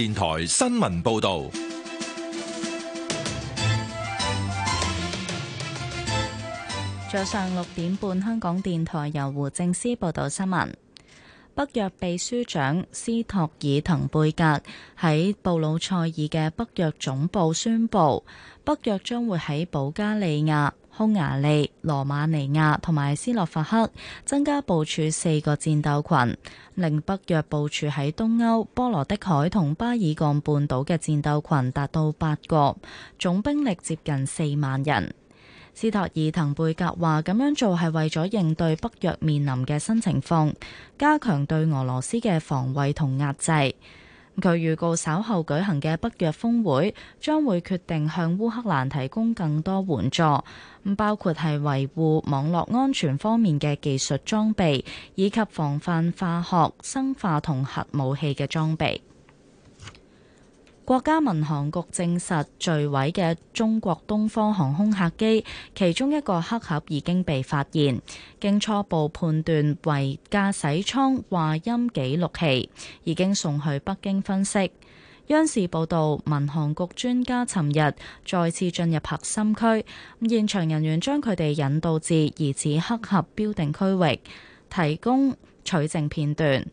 電台新聞報道：早上六點半，香港電台由胡正思報道新聞。北約秘書長斯托爾滕貝格喺布魯塞爾嘅北約總部宣布，北約將會喺保加利亞。匈牙利、羅馬尼亞同埋斯洛伐克增加部署四個戰鬥群，令北約部署喺東歐、波羅的海同巴爾幹半島嘅戰鬥群達到八個，總兵力接近四萬人。斯托爾滕貝格話：咁樣做係為咗應對北約面臨嘅新情況，加強對俄羅斯嘅防衛同壓制。佢預告稍後舉行嘅北約峰會將會決定向烏克蘭提供更多援助，包括係維護網絡安全方面嘅技術裝備，以及防範化學、生化同核武器嘅裝備。國家民航局證實墜毀嘅中國東方航空客機，其中一個黑盒已經被發現，經初步判斷為駕駛艙話音記錄器，已經送去北京分析。央視報道，民航局專家尋日再次進入核心區，現場人員將佢哋引導至疑似黑盒標定區域，提供取證片段。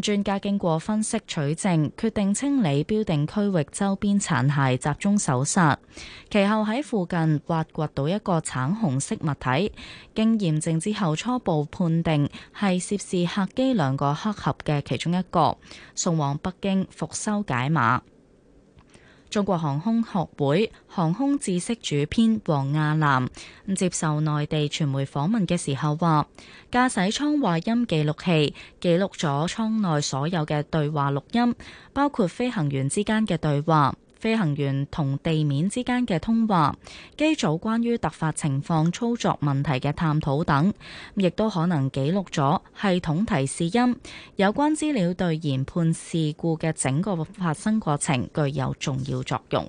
專家經過分析取證，決定清理標定區域周邊殘骸集中搜查，其後喺附近挖掘到一個橙紅色物體，經驗證之後初步判定係涉事客機兩個黑盒嘅其中一個，送往北京復修解碼。中國航空學會航空知識主編黃亞南接受內地傳媒訪問嘅時候話，駕駛艙話音記錄器記錄咗艙內所有嘅對話錄音，包括飛行員之間嘅對話。飛行員同地面之間嘅通話、機組關於突發情況操作問題嘅探討等，亦都可能記錄咗系統提示音有關資料，對研判事故嘅整個發生過程具有重要作用。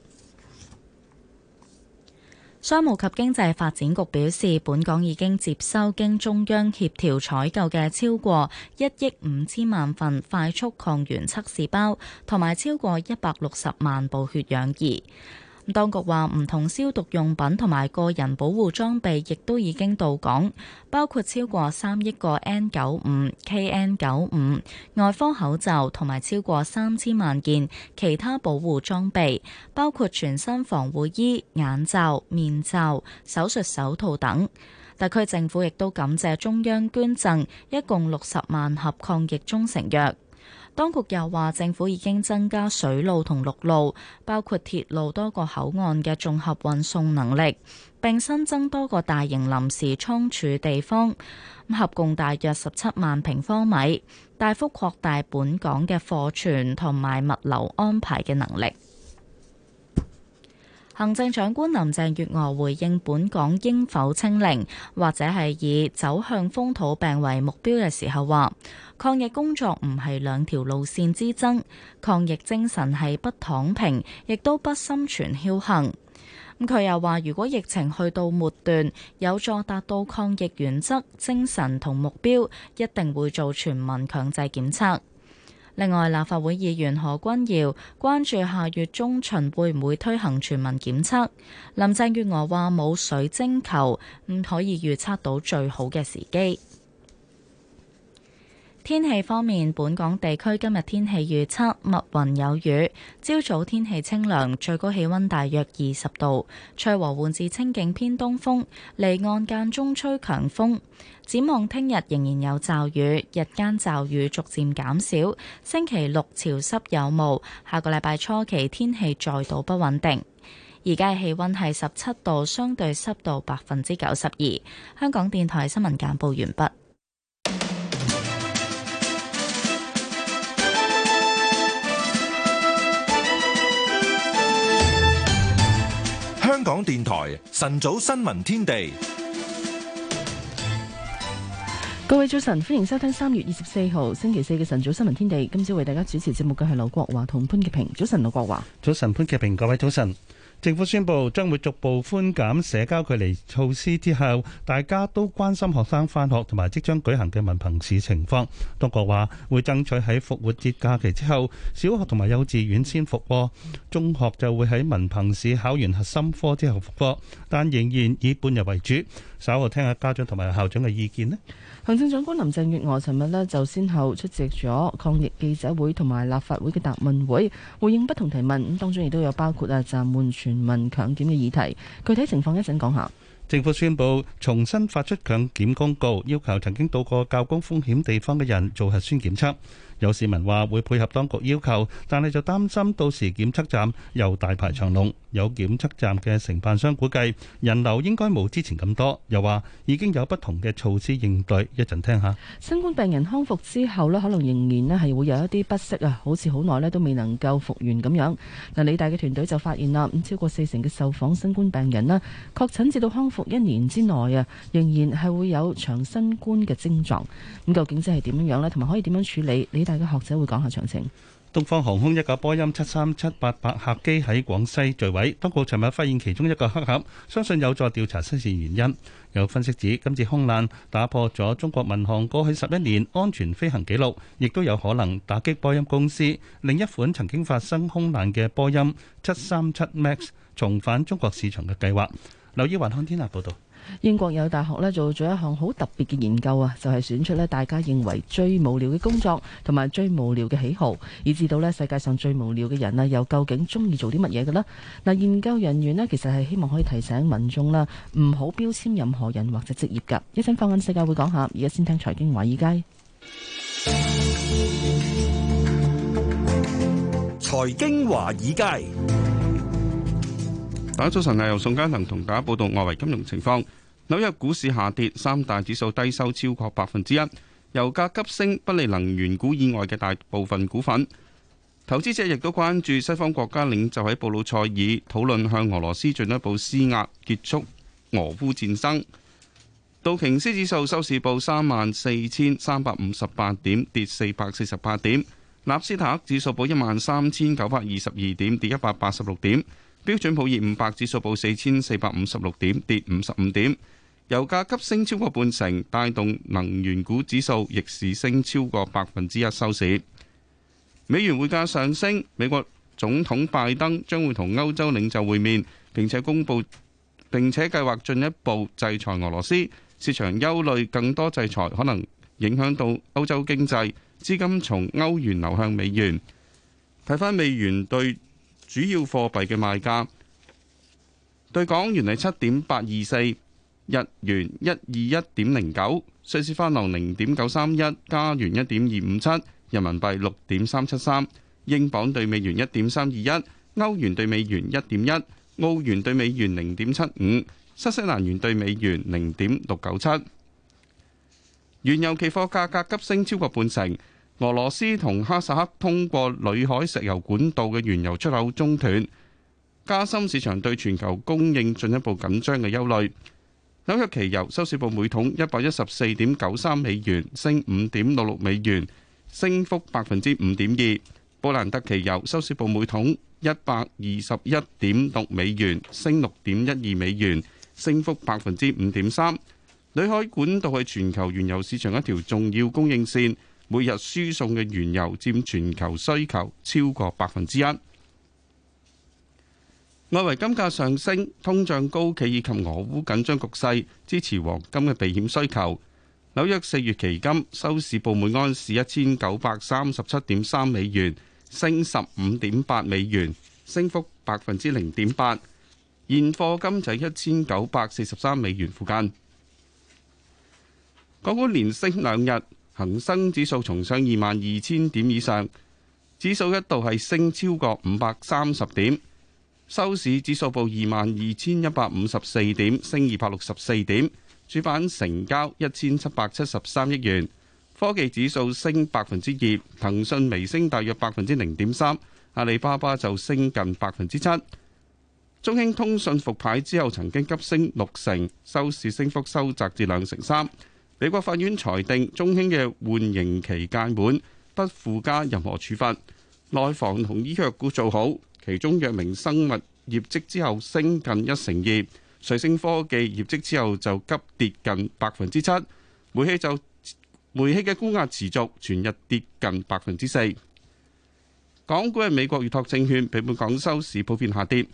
商務及經濟發展局表示，本港已經接收經中央協調採購嘅超過一億五千萬份快速抗原測試包，同埋超過一百六十萬部血氧儀。當局話，唔同消毒用品同埋個人保護裝備亦都已經到港，包括超過三億個 N95、KN95、外科口罩同埋超過三千萬件其他保護裝備，包括全身防護衣、眼罩、面罩、手術手套等。特區政府亦都感謝中央捐贈，一共六十萬盒抗疫中成藥。當局又話，政府已經增加水路同陸路，包括鐵路多個口岸嘅綜合運送能力，並新增多個大型臨時倉儲地方，合共大約十七萬平方米，大幅擴大本港嘅貨存同埋物流安排嘅能力。行政長官林鄭月娥回應本港應否清零，或者係以走向風土病為目標嘅時候，話抗疫工作唔係兩條路線之爭，抗疫精神係不躺平，亦都不心存僥倖。咁佢又話，如果疫情去到末段，有助達到抗疫原則、精神同目標，一定會做全民強制檢測。另外，立法會議員何君堯關注下月中旬會唔會推行全民檢測。林鄭月娥話冇水晶球，唔可以預測到最好嘅時機。天氣方面，本港地區今日天氣預測密雲有雨，朝早天氣清涼，最高氣溫大約二十度，吹和緩至清勁偏東風，離岸間中吹強風。展望聽日仍然有驟雨，日間驟雨逐漸減少。星期六潮濕有霧，下個禮拜初期天氣再度不穩定。而家氣溫係十七度，相對濕度百分之九十二。香港電台新聞簡報完畢。港電台晨早新聞天地，各位早晨，歡迎收聽三月二十四號星期四嘅晨早新聞天地。今朝為大家主持節目嘅係劉國華同潘潔平。早晨，劉國華。早晨，潘潔平。各位早晨。政府宣佈將會逐步寬減社交距離措施之後，大家都關心學生返學同埋即將舉行嘅文憑試情況。當局話會爭取喺復活節假期之後，小學同埋幼稚園先復課，中學就會喺文憑試考完核心科之後復課，但仍然以半日為主。稍後聽下家長同埋校長嘅意見，咧。行政長官林鄭月娥尋日咧就先後出席咗抗疫記者會同埋立法會嘅答問會，回應不同提問，咁當中亦都有包括啊暫緩全民強檢嘅議題。具體情況一陣講下。政府宣布重新發出強檢公告，要求曾經到過較高風險地方嘅人做核酸檢測。有市民話會配合當局要求，但係就擔心到時檢測站又大排長龍。有檢測站嘅承辦商估計人流應該冇之前咁多。又話已經有不同嘅措施應對，一陣聽下。新冠病人康復之後呢可能仍然咧係會有一啲不適啊，好似好耐咧都未能夠復原咁樣。嗱，理大嘅團隊就發現啦，咁超過四成嘅受訪新冠病人咧，確診至到康復一年之內啊，仍然係會有長新冠嘅症狀。咁究竟即係點樣樣咧？同埋可以點樣處理？你？大家學者會講下詳情。東方航空一架波音七三七八八客機喺廣西墜毀，不過尋日發現其中一個黑盒，相信有助調查失事原因。有分析指，今次空難打破咗中國民航過去十一年安全飛行記錄，亦都有可能打擊波音公司另一款曾經發生空難嘅波音七三七 Max 重返中國市場嘅計劃。留意華康天下報道。英國有大學咧做咗一項好特別嘅研究啊，就係選出咧大家認為最無聊嘅工作同埋最無聊嘅喜好，以至到咧世界上最無聊嘅人啊，又究竟中意做啲乜嘢嘅咧？嗱，研究人員咧其實係希望可以提醒民眾啦，唔好標籤任何人或者職業噶。一陣放眼世界會講下，而家先聽財經華爾街。財經華爾街，大家早晨啊！由宋嘉良同大家報道外圍金融情況。紐約股市下跌，三大指數低收超過百分之一。油價急升，不利能源股以外嘅大部分股份。投資者亦都關注西方國家領袖喺布魯塞爾討論向俄羅斯進一步施壓，結束俄烏戰爭。道瓊斯指數收市報三萬四千三百五十八點，跌四百四十八點。納斯塔克指數報一萬三千九百二十二點，跌一百八十六點。標準普爾五百指數報四千四百五十六點，跌五十五點。油價急升超過半成，帶動能源股指數逆市升超過百分之一收市。美元匯價上升，美國總統拜登將會同歐洲領袖會面，並且公布並且計劃進一步制裁俄羅斯。市場憂慮更多制裁可能影響到歐洲經濟，資金從歐元流向美元。睇返美元對主要貨幣嘅賣價，對港元係七點八二四。日元一二一點零九，瑞士法郎零點九三一，加元一點二五七，人民幣六點三七三，英鎊兌美元一點三二一，歐元兌美元一點一，澳元兌美元零點七五，新西蘭元兌美元零點六九七。原油期貨價格急升超過半成，俄羅斯同哈薩克通過裏海石油管道嘅原油出口中斷，加深市場對全球供應進一步緊張嘅憂慮。紐約期油收市報每桶一百一十四點九三美元，升五點六六美元，升幅百分之五點二。布蘭特期油收市報每桶一百二十一點六美元，升六點一二美元，升幅百分之五點三。裏海管道係全球原油市場一條重要供應線，每日輸送嘅原油佔全球需求超過百分之一。外圍金價上升，通脹高企以及俄烏緊張局勢支持黃金嘅避險需求。紐約四月期金收市報每安士一千九百三十七點三美元，升十五點八美元，升幅百分之零點八。現貨金就係一千九百四十三美元附近。港股連升兩日，恒生指數重上二萬二千點以上，指數一度係升超過五百三十點。收市指數報二萬二千一百五十四點，升二百六十四點。主板成交一千七百七十三億元。科技指數升百分之二，騰訊微升大約百分之零點三，阿里巴巴就升近百分之七。中興通訊復牌之後曾經急升六成，收市升幅收窄至兩成三。美國法院裁定中興嘅緩刑期間滿，不附加任何處罰。內房同醫藥股做好。其中藥明生物業績之後升近一成二，瑞星科技業績之後就急跌近百分之七，煤氣就煤氣嘅沽壓持續，全日跌近百分之四。港股喺美國預託證券比本港收市普遍下跌，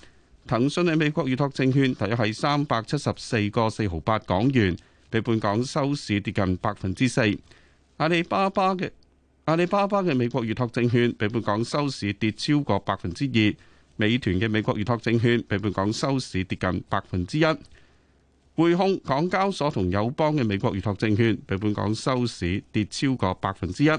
騰訊喺美國預託證券，大約係三百七十四個四毫八港元，比本港收市跌近百分之四。阿里巴巴嘅阿里巴巴嘅美國預託證券比本港收市跌超過百分之二，美團嘅美國預託證券比本港收市跌近百分之一，匯控、港交所同友邦嘅美國預託證券比本港收市跌超過百分之一。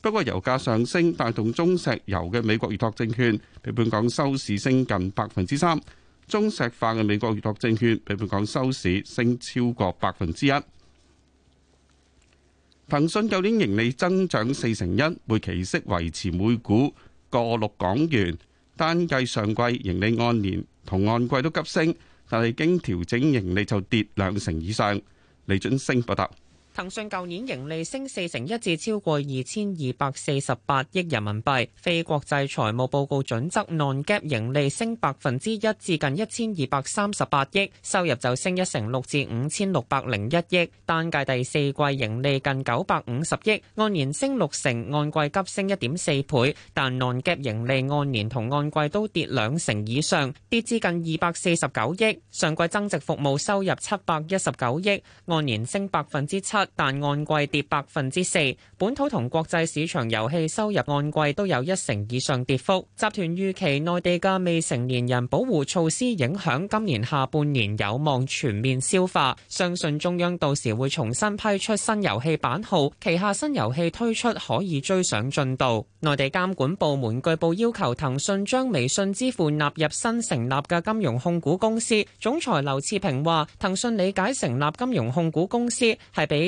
不過油價上升帶動中石油嘅美國預託證券比本港收市升近百分之三，中石化嘅美國預託證券比本港收市升超過百分之一。騰訊舊年盈利增長四成一，每期息維持每股個六港元。單計上季盈利按年同按季都急升，但係經調整盈利就跌兩成以上。李准升報道。騰訊舊年盈利升四成一，至超過二千二百四十八億人民幣。非國際財務報告準則按 GAAP 盈利升百分之一，至近一千二百三十八億。收入就升一成六，至五千六百零一億。單計第四季盈利近九百五十億，按年升六成，按季急升一點四倍。但按 GAAP 盈利按年同按季都跌兩成以上，跌至近二百四十九億。上季增值服務收入七百一十九億，按年升百分之七。但按季跌百分之四，本土同國際市場遊戲收入按季都有一成以上跌幅。集團預期內地嘅未成年人保護措施影響今年下半年有望全面消化，相信中央到時會重新批出新遊戲版號，旗下新遊戲推出可以追上進度。內地監管部門據報要求騰訊將微信支付納入新成立嘅金融控股公司，總裁劉熾平話騰訊理解成立金融控股公司係俾。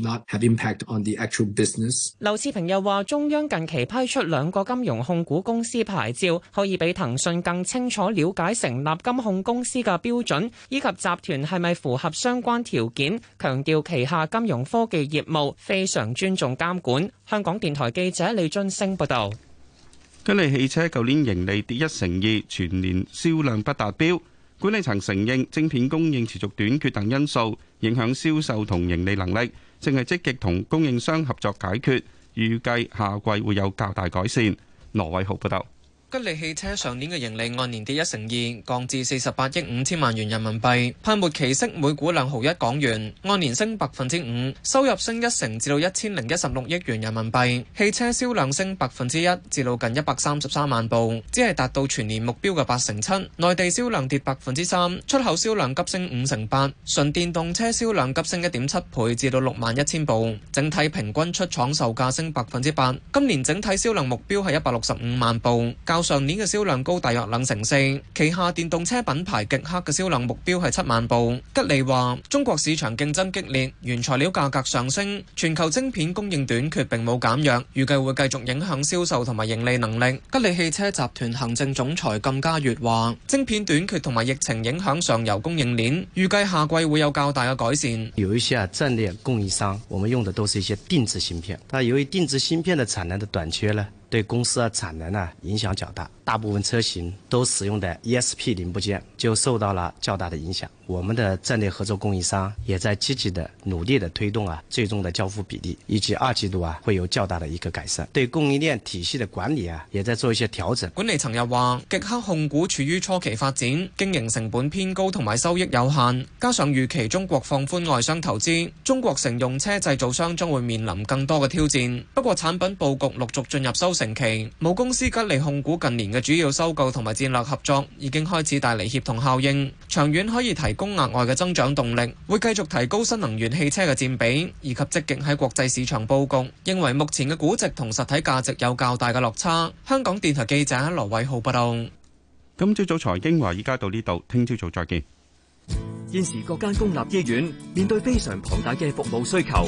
劉熾平又話，中央近期批出兩個金融控股公司牌照，可以比騰訊更清楚了解成立金控公司嘅標準，以及集團係咪符合相關條件。強調旗下金融科技業務非常尊重監管。香港電台記者李俊升報道。吉利汽車舊年盈利跌一成二，全年銷量不達標。管理層承認，晶片供應持續短缺等因素影響銷售同盈利能力，正係積極同供應商合作解決，預計下季會有較大改善。羅偉豪報導。吉利汽車上年嘅盈利按年跌一成二，降至四十八億五千萬元人民幣，派末期息每股兩毫一港元，按年升百分之五，收入升一成至到一千零一十六億元人民幣，mic. 汽車銷量升百分之一至到近一百三十三萬部，只係達到全年目標嘅八成七，內地銷量跌百分之三，出口銷量急升五成八，純電動車銷量急升一點七倍至到六萬一千部，整體平均出廠售價升百分之八，今年整體銷量目標係一百六十五萬部，上年嘅銷量高大約兩成四，旗下電動車品牌極氪嘅銷量目標係七萬部。吉利話：中國市場競爭激烈，原材料價格上升，全球晶片供應短缺並冇減弱，預計會繼續影響銷售同埋盈利能力。吉利汽車集團行政總裁淦家閱話：晶片短缺同埋疫情影響上游供應鏈，預計下季會有較大嘅改善。有一些戰略供應商，我們用的都是一些定製芯片，但由於定製芯片的產能的短缺呢。對公司嘅產能啊影響較大，大部分車型都使用的 ESP 零部件就受到了較大的影響。我們的戰略合作供應商也在積極的努力的推動啊，最終的交付比例以及二季度啊會有較大的一個改善。對供應鏈體係的管理啊也在做一些調整。管理層又話，極客控股處於初期發展，經營成本偏高同埋收益有限，加上預期中國放寬外商投資，中國乘用車製造商將會面臨更多嘅挑戰。不過產品布局陸續進入收。近期，母公司吉利控股近年嘅主要收購同埋戰略合作已經開始帶嚟協同效應，長遠可以提供額外嘅增長動力，會繼續提高新能源汽車嘅佔比，以及積極喺國際市場布局。認為目前嘅估值同實體價值有較大嘅落差。香港電台記者羅偉浩報道。今朝早財經話，而家到呢度，聽朝早再見。現時各間公立醫院面對非常龐大嘅服務需求。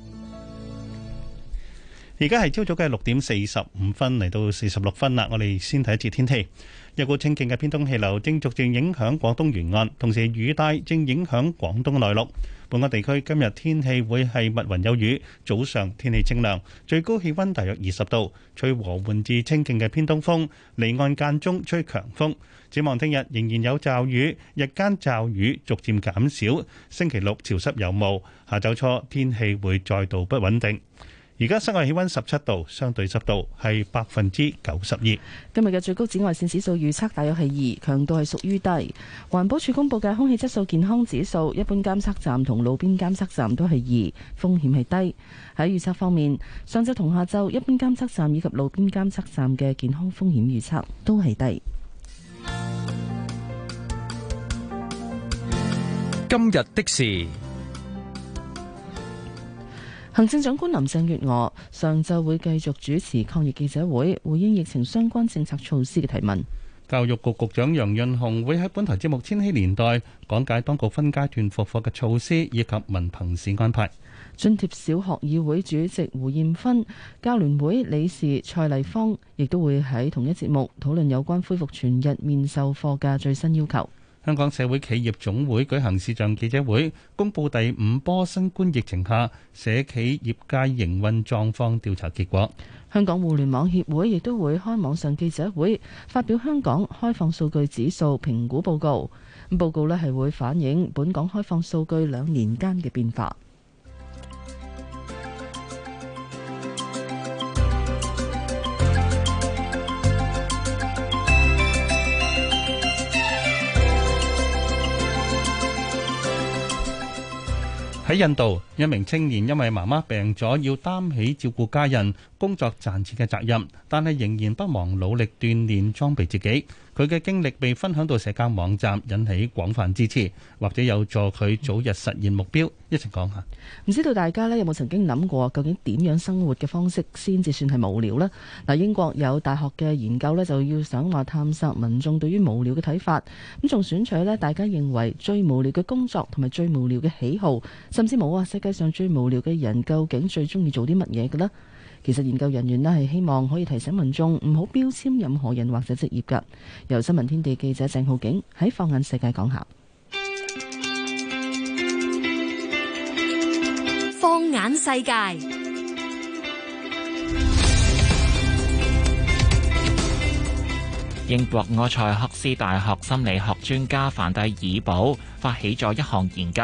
而家係朝早嘅六點四十五分嚟到四十六分啦，我哋先睇一節天氣。一股清勁嘅偏東氣流正逐漸影響廣東沿岸，同時雨帶正影響廣東內陸。本港地區今日天氣會係密雲有雨，早上天氣清涼，最高氣溫大約二十度，吹和緩至清勁嘅偏東風，離岸間中吹強風。展望聽日仍然有驟雨，日間驟雨逐漸減少。星期六潮濕有霧，下晝初天氣會再度不穩定。而家室外氣溫十七度，相對濕度係百分之九十二。今日嘅最高紫外線指數預測大約係二，強度係屬於低。環保署公布嘅空氣質素健康指數，一般監測站同路邊監測站都係二，風險係低。喺預測方面，上晝同下晝一般監測站以及路邊監測站嘅健康風險預測都係低。今日的事。行政長官林鄭月娥上晝會繼續主持抗疫記者會，回應疫情相關政策措施嘅提問。教育局局長楊潤雄會喺本台節目《千禧年代》講解當局分階段復課嘅措施以及文憑試安排。津貼小學議會主席胡豔芬、教聯會理事蔡麗芳亦都會喺同一節目討論有關恢復全日面授課嘅最新要求。香港社會企業總會舉行視像記者會，公布第五波新冠疫情下社企業界營運狀況調查結果。香港互聯網協會亦都會開網上記者會，發表香港開放數據指數評估報告。咁報告呢係會反映本港開放數據兩年間嘅變化。喺印度，一名青年因為媽媽病咗，要擔起照顧家人、工作賺錢嘅責任，但係仍然不忘努力鍛煉，裝備自己。佢嘅經歷被分享到社交網站，引起廣泛支持，或者有助佢早日實現目標。一齊講下，唔知道大家呢有冇曾經諗過，究竟點樣生活嘅方式先至算係無聊呢？嗱，英國有大學嘅研究呢，就要想話探索民眾對於無聊嘅睇法，咁仲選取呢，大家認為最無聊嘅工作同埋最無聊嘅喜好，甚至冇話世界上最無聊嘅人究竟最中意做啲乜嘢嘅呢？其實研究人員咧係希望可以提醒民眾唔好標籤任何人或者職業噶。由新聞天地記者鄭浩景喺放眼世界講下。放眼世界，英國阿塞克斯大學心理學專家范蒂爾堡發起咗一項研究。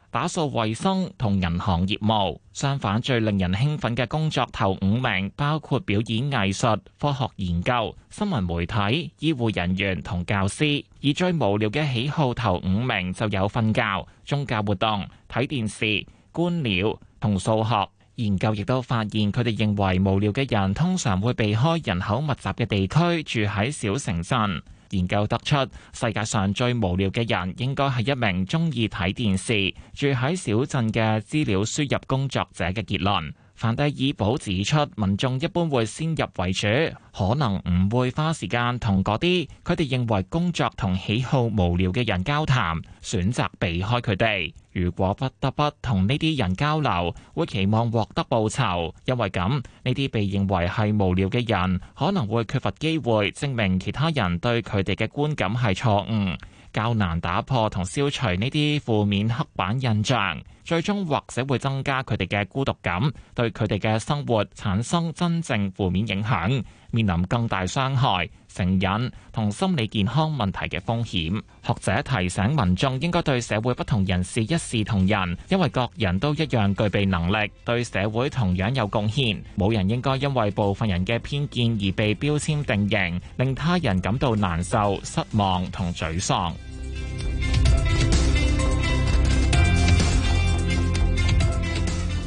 打掃衛生同銀行業務，相反最令人興奮嘅工作頭五名包括表演藝術、科學研究、新聞媒體、醫護人員同教師。以最無聊嘅喜好頭五名就有瞓覺、宗教活動、睇電視、觀鳥同數學。研究亦都發現佢哋認為無聊嘅人通常會避開人口密集嘅地區，住喺小城鎮。研究得出，世界上最無聊嘅人應該係一名中意睇電視，住喺小鎮嘅資料輸入工作者嘅結論。范蒂爾堡指出，民眾一般會先入為主，可能唔會花時間同嗰啲佢哋認為工作同喜好無聊嘅人交談，選擇避開佢哋。如果不得不同呢啲人交流，會期望獲得報酬，因為，咁呢啲被認為係無聊嘅人可能會缺乏機會證明其他人對佢哋嘅觀感係錯誤，較難打破同消除呢啲負面刻板印象，最終或者會增加佢哋嘅孤獨感，對佢哋嘅生活產生真正負面影響，面臨更大傷害。成癮同心理健康問題嘅風險，學者提醒民眾應該對社會不同人士一視同仁，因為各人都一樣具備能力，對社會同樣有貢獻。冇人應該因為部分人嘅偏見而被標籤定型，令他人感到難受、失望同沮喪。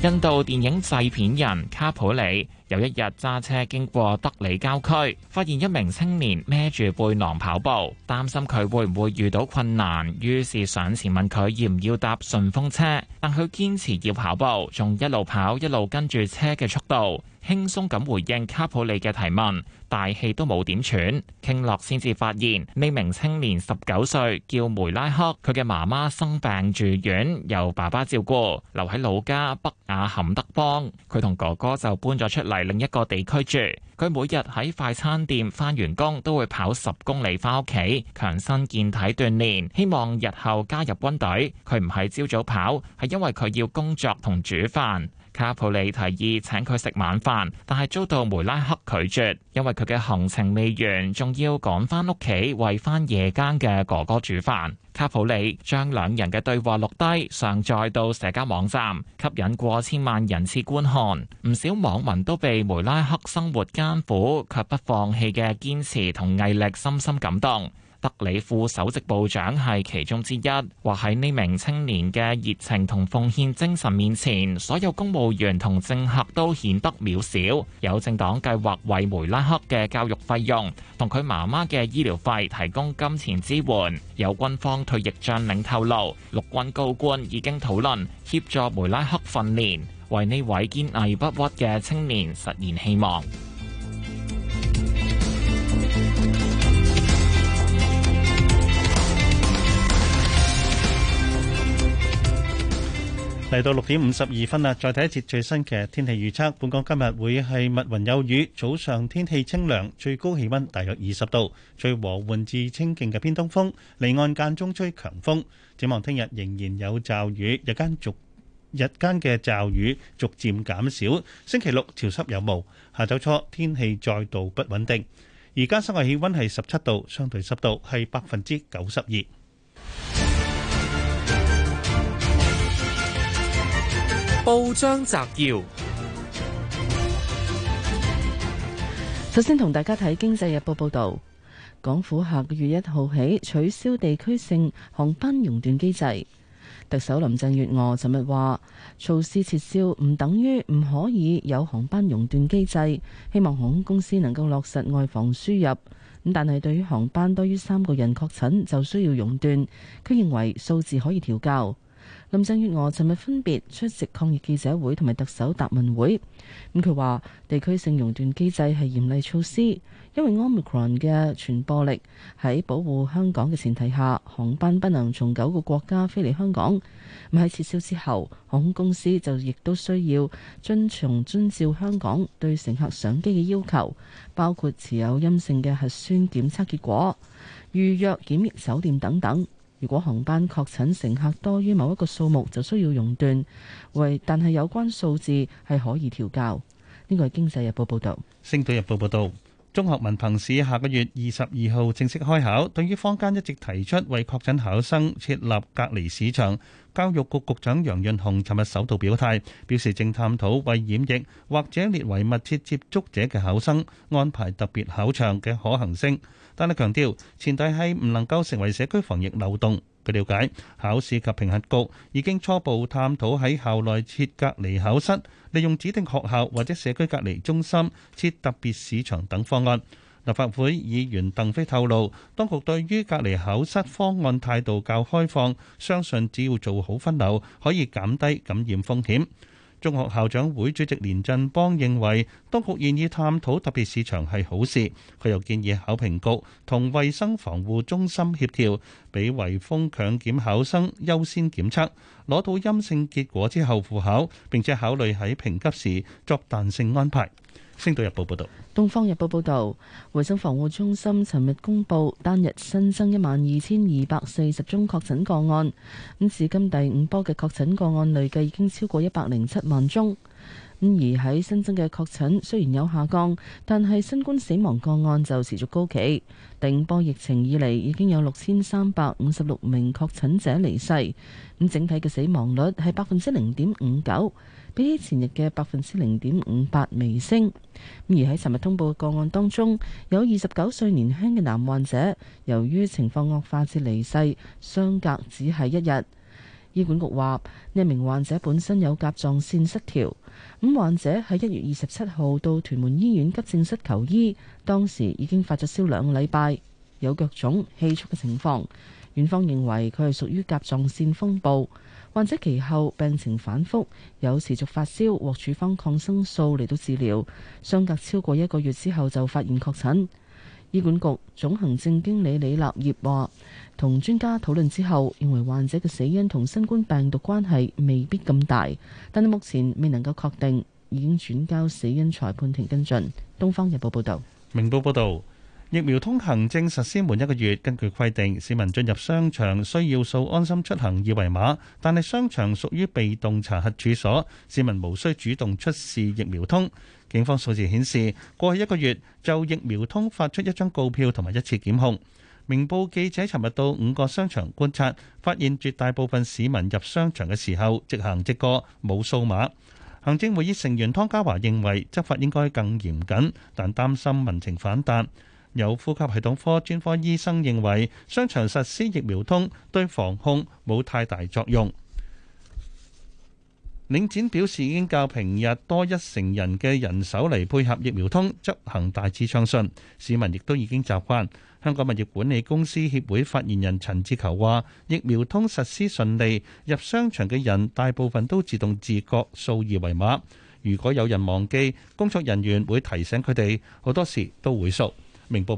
印度電影製片人卡普里，有一日揸車經過德里郊區，發現一名青年孭住背囊跑步，擔心佢會唔會遇到困難，於是上前問佢要唔要搭順風車，但佢堅持要跑步，仲一路跑一路跟住車嘅速度，輕鬆咁回應卡普里嘅提問，大氣都冇點喘。傾落先至發現呢名青年十九歲，叫梅拉克，佢嘅媽媽生病住院，由爸爸照顧，留喺老家北雅坎德邦，佢同哥哥就搬咗出嚟，係另一個地區住，佢每日喺快餐店返完工都會跑十公里翻屋企，強身健體鍛煉，希望日後加入軍隊。佢唔係朝早跑，係因為佢要工作同煮飯。卡普利提議請佢食晚飯，但係遭到梅拉克拒絕，因為佢嘅行程未完，仲要趕返屋企，為翻夜間嘅哥哥煮飯。卡普利將兩人嘅對話錄低，上載到社交網站，吸引過千萬人次觀看。唔少網民都被梅拉克生活艱苦，卻不放棄嘅堅持同毅力深深感動。德里副首席部長係其中之一，話喺呢名青年嘅熱情同奉獻精神面前，所有公務員同政客都顯得渺小。有政黨計劃為梅拉克嘅教育費用同佢媽媽嘅醫療費提供金錢支援。有軍方退役將領透露，陸軍高官已經討論協助梅拉克訓練，為呢位堅毅不屈嘅青年實現希望。嚟到六點五十二分啦，再睇一節最新嘅天氣預測。本港今日會係密雲有雨，早上天氣清涼，最高氣溫大約二十度，吹和緩至清勁嘅偏東風，離岸間中吹強風。展望聽日仍然有驟雨，日間逐日間嘅驟雨逐漸減少。星期六潮濕有霧，下晝初天氣再度不穩定。而家室外氣溫係十七度，相對濕度係百分之九十二。報章摘要，首先同大家睇《經濟日報》報道，港府下個月一號起取消地區性航班熔斷機制。特首林鄭月娥尋日話，措施撤銷唔等於唔可以有航班熔斷機制，希望航空公司能夠落實外防輸入。咁但係對於航班多於三個人確診就需要熔斷，佢認為數字可以調校。林鄭月娥尋日分別出席抗疫記者會同埋特首答問會，咁佢話地區性熔斷機制係嚴厲措施，因為 Omicron 嘅傳播力，喺保護香港嘅前提下，航班不能從九個國家飛嚟香港。咁喺撤銷之後，航空公司就亦都需要遵從遵照香港對乘客上機嘅要求，包括持有陰性嘅核酸檢測結果、預約檢疫酒店等等。如果航班確診乘客多於某一個數目，就需要熔斷。為但係有關數字係可以調校。呢個係《經濟日報》報導，《星島日報》報導。中學文憑試下個月二十二號正式開考，對於坊間一直提出為確診考生設立隔離試場，教育局局長楊潤雄尋日首度表態，表示正探討為染疫或者列為密切接觸者嘅考生安排特別考場嘅可行性。但係強調前提係唔能夠成為社區防疫漏洞。據了解，考試及評核局已經初步探討喺校內設隔離考室，利用指定學校或者社區隔離中心設特別試場等方案。立法會議員鄧飛透露，當局對於隔離考室方案態度較開放，相信只要做好分流，可以減低感染風險。中學校長會主席連振邦認為當局願意探討特別市場係好事。佢又建議考評局同衛生防護中心協調，俾圍封強檢考生優先檢測，攞到陰性結果之後赴考，並且考慮喺評級時作彈性安排。星島日報報道，東方日報報道，衛生防護中心尋日公布單日新增一萬二千二百四十宗確診個案，咁至今第五波嘅確診個案累計已經超過一百零七萬宗，咁而喺新增嘅確診雖然有下降，但係新冠死亡個案就持續高企，第五波疫情以嚟已經有六千三百五十六名確診者離世，咁整體嘅死亡率係百分之零點五九。比起前日嘅百分之零點五八微升，而喺尋日通報嘅個案當中，有二十九歲年輕嘅男患者，由於情況惡化至離世，相隔只係一日。醫管局話，呢名患者本身有甲狀腺失調，咁患者喺一月二十七號到屯門醫院急症室求醫，當時已經發咗燒兩個禮拜，有腳腫、氣促嘅情況，院方認為佢係屬於甲狀腺風暴。患者其後病情反覆，有持續發燒，獲處方抗生素嚟到治療。相隔超過一個月之後就發現確診。醫管局總行政經理李立業話，同專家討論之後，認為患者嘅死因同新冠病毒關係未必咁大，但係目前未能夠確定，已經轉交死因裁判庭跟進。東方日報報道，明報報道。疫苗通行證實施滿一個月，根據規定，市民進入商場需要掃安心出行二維碼，但係商場屬於被動查核處所，市民無需主動出示疫苗通。警方數字顯示，過去一個月就疫苗通發出一張告票同埋一次檢控。明報記者尋日到五個商場觀察，發現絕大部分市民入商場嘅時候直行直過，冇掃碼。行政會議成員湯家驊認為執法應該更嚴謹，但擔心民情反彈。有呼吸系統科專科醫生認為，商場實施疫苗通對防控冇太大作用。領展表示已經較平日多一成人嘅人手嚟配合疫苗通執行大致暢順，市民亦都已經習慣。香港物業管理公司協會發言人陳志求話：疫苗通實施順利，入商場嘅人大部分都自動自覺掃二維碼。如果有人忘記，工作人員會提醒佢哋，好多時都會掃。明報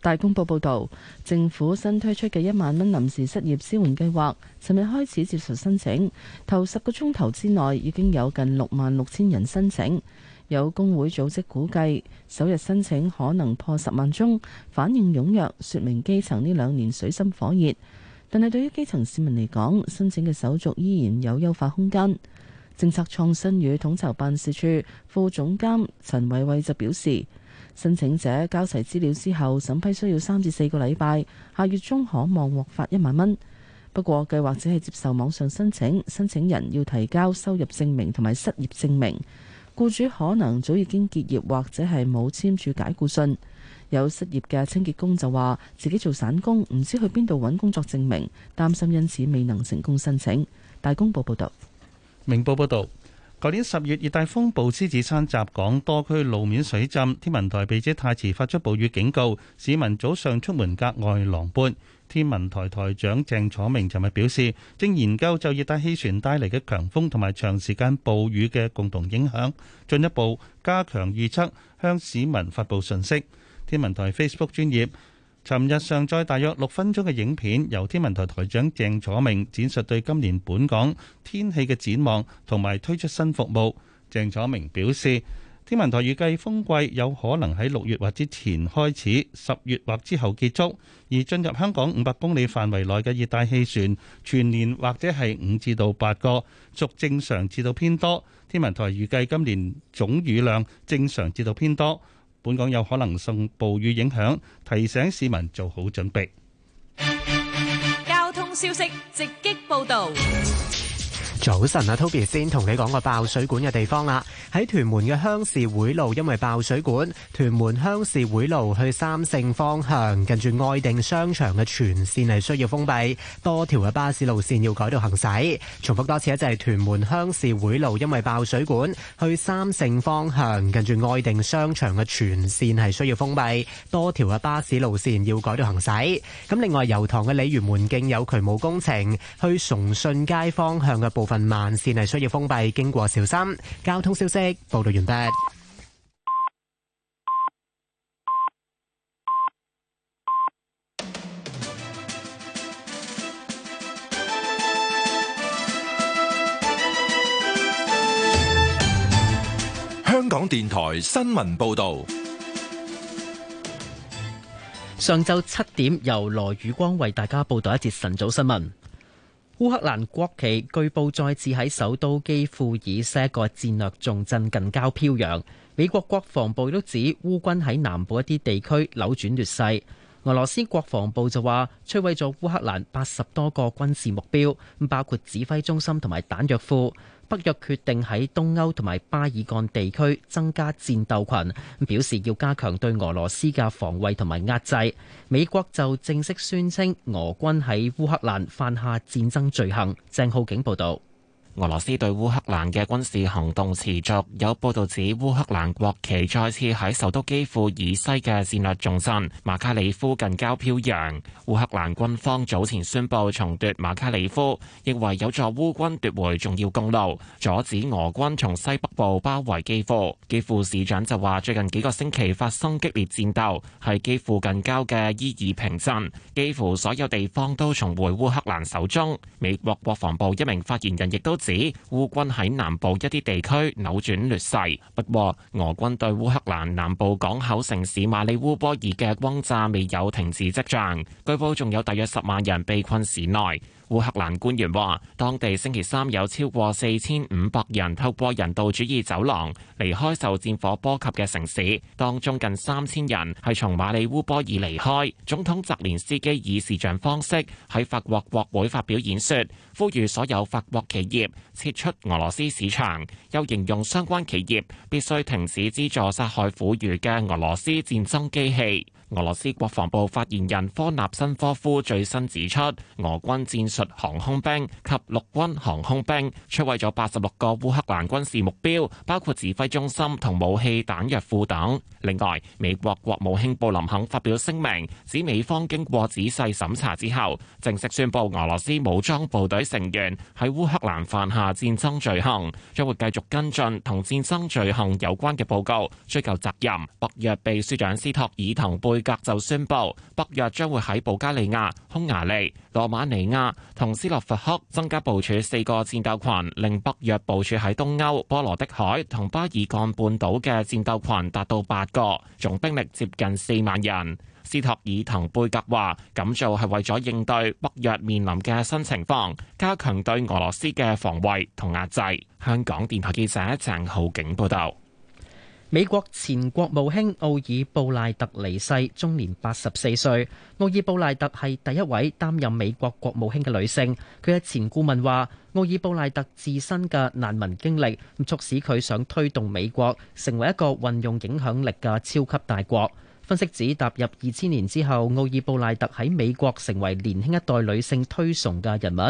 大公報報道，政府新推出嘅一萬蚊臨時失業支援計劃，尋日開始接受申請，頭十個鐘頭之內已經有近六萬六千人申請。有工會組織估計，首日申請可能破十萬宗，反應踴躍，說明基層呢兩年水深火熱。但係對於基層市民嚟講，申請嘅手續依然有優化空間。政策創新與統籌辦事處副總監陳偉偉就表示。申請者交齊資料之後，審批需要三至四個禮拜，下月中可望獲發一萬蚊。不過計劃只係接受網上申請，申請人要提交收入證明同埋失業證明。僱主可能早已經結業或者係冇簽署解雇信。有失業嘅清潔工就話自己做散工，唔知去邊度揾工作證明，擔心因此未能成功申請。大公報報道。明報報導。去年十月熱帶風暴獅子山襲港，多區路面水浸。天文台被指太遲發出暴雨警告，市民早上出門格外狼狽。天文台台長鄭楚明尋日表示，正研究就熱帶氣旋帶嚟嘅強風同埋長時間暴雨嘅共同影響，進一步加強預測，向市民發佈信息。天文台 Facebook 專頁尋日上載大約六分鐘嘅影片，由天文台台長鄭楚明展述對今年本港天氣嘅展望，同埋推出新服務。鄭楚明表示，天文台預計風季有可能喺六月或之前開始，十月或之後結束。而進入香港五百公里範圍內嘅熱帶氣旋，全年或者係五至到八個，屬正常至到偏多。天文台預計今年總雨量正常至到偏多。本港有可能受暴雨影響，提醒市民做好準備。交通消息直擊報導。早晨啊，Toby 先同你講個爆水管嘅地方啦。喺屯門嘅鄉事會路，因為爆水管，屯門鄉事會路去三聖方向，近住愛定商場嘅全線係需要封閉，多條嘅巴士路線要改道行駛。重複多次，就係屯門鄉事會路因為爆水管，去三聖方向，近住愛定商場嘅全線係需要封閉，多條嘅巴士路線要改道行駛。咁另外，油塘嘅鯉魚門徑有渠務工程，去崇信街方向嘅部。份慢線係需要封閉，經過小心。交通消息報道完畢。香港電台新聞報道。上晝七點，由羅宇光為大家報道一節晨早新聞。烏克蘭國旗據報再次喺首都基輔以西一個戰略重鎮近郊飄揚。美國國防部都指烏軍喺南部一啲地區扭轉劣勢。俄羅斯國防部就話摧毀咗烏克蘭八十多個軍事目標，包括指揮中心同埋彈藥庫。北約決定喺東歐同埋巴爾幹地區增加戰鬥群，表示要加強對俄羅斯嘅防衛同埋壓制。美國就正式宣稱俄軍喺烏克蘭犯下戰爭罪行。鄭浩景報道。俄羅斯對烏克蘭嘅軍事行動持續，有報道指烏克蘭國旗再次喺首都基輔以西嘅戰略重鎮馬卡里夫近郊飄揚。烏克蘭軍方早前宣佈重奪馬卡里夫，認為有助烏軍奪回重要公路，阻止俄軍從西北部包圍基輔。基輔市長就話，最近幾個星期發生激烈戰鬥，喺基輔近郊嘅伊爾平鎮，幾乎所有地方都重回烏克蘭手中。美國國防部一名發言人亦都。指烏軍喺南部一啲地區扭轉劣勢，不過俄軍對烏克蘭南部港口城市馬里烏波爾嘅轟炸未有停止跡象，據報仲有大約十萬人被困市內。烏克蘭官員話，當地星期三有超過四千五百人透過人道主義走廊離開受戰火波及嘅城市，當中近三千人係從馬里烏波爾離開。總統澤連斯基以視像方式喺法國國會發表演說，呼籲所有法國企業撤出俄羅斯市場，又形容相關企業必須停止資助殺害婦孺嘅俄羅斯戰爭機器。俄羅斯國防部發言人科納申科夫最新指出，俄軍戰術航空兵及陸軍航空兵摧毀咗八十六個烏克蘭軍事目標，包括指揮中心同武器彈藥庫等。另外，美國國務卿布林肯發表聲明，指美方經過仔細審查之後，正式宣布俄羅斯武裝部隊成員喺烏克蘭犯下戰爭罪行，將會繼續跟進同戰爭罪行有關嘅報告，追究責任。北約秘書長斯托爾滕貝貝格就宣布，北約將會喺保加利亞、匈牙利、羅馬尼亞同斯洛伐克增加部署四個戰鬥群，令北約部署喺東歐、波羅的海同巴爾幹半島嘅戰鬥群達到八個，總兵力接近四萬人。斯托爾滕貝格話，咁做係為咗應對北約面臨嘅新情況，加強對俄羅斯嘅防衛同壓制。香港電台記者鄭浩景報道。美國前國務卿奧爾布賴特離世，終年八十四歲。奧爾布賴特係第一位擔任美國國務卿嘅女性。佢嘅前顧問話，奧爾布賴特自身嘅難民經歷促使佢想推動美國成為一個運用影響力嘅超級大國。分析指，踏入二千年之後，奧爾布賴特喺美國成為年輕一代女性推崇嘅人物，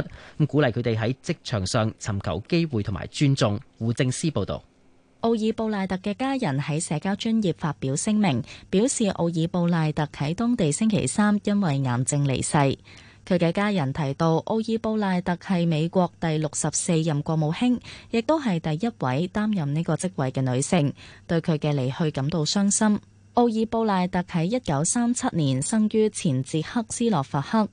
咁鼓勵佢哋喺職場上尋求機會同埋尊重。胡正思報道。奧爾布賴特嘅家人喺社交專頁發表聲明，表示奧爾布賴特喺當地星期三因為癌症離世。佢嘅家人提到，奧爾布賴特係美國第六十四任國務卿，亦都係第一位擔任呢個職位嘅女性，對佢嘅離去感到傷心。奧爾布賴特喺一九三七年生於前捷克斯洛伐克，二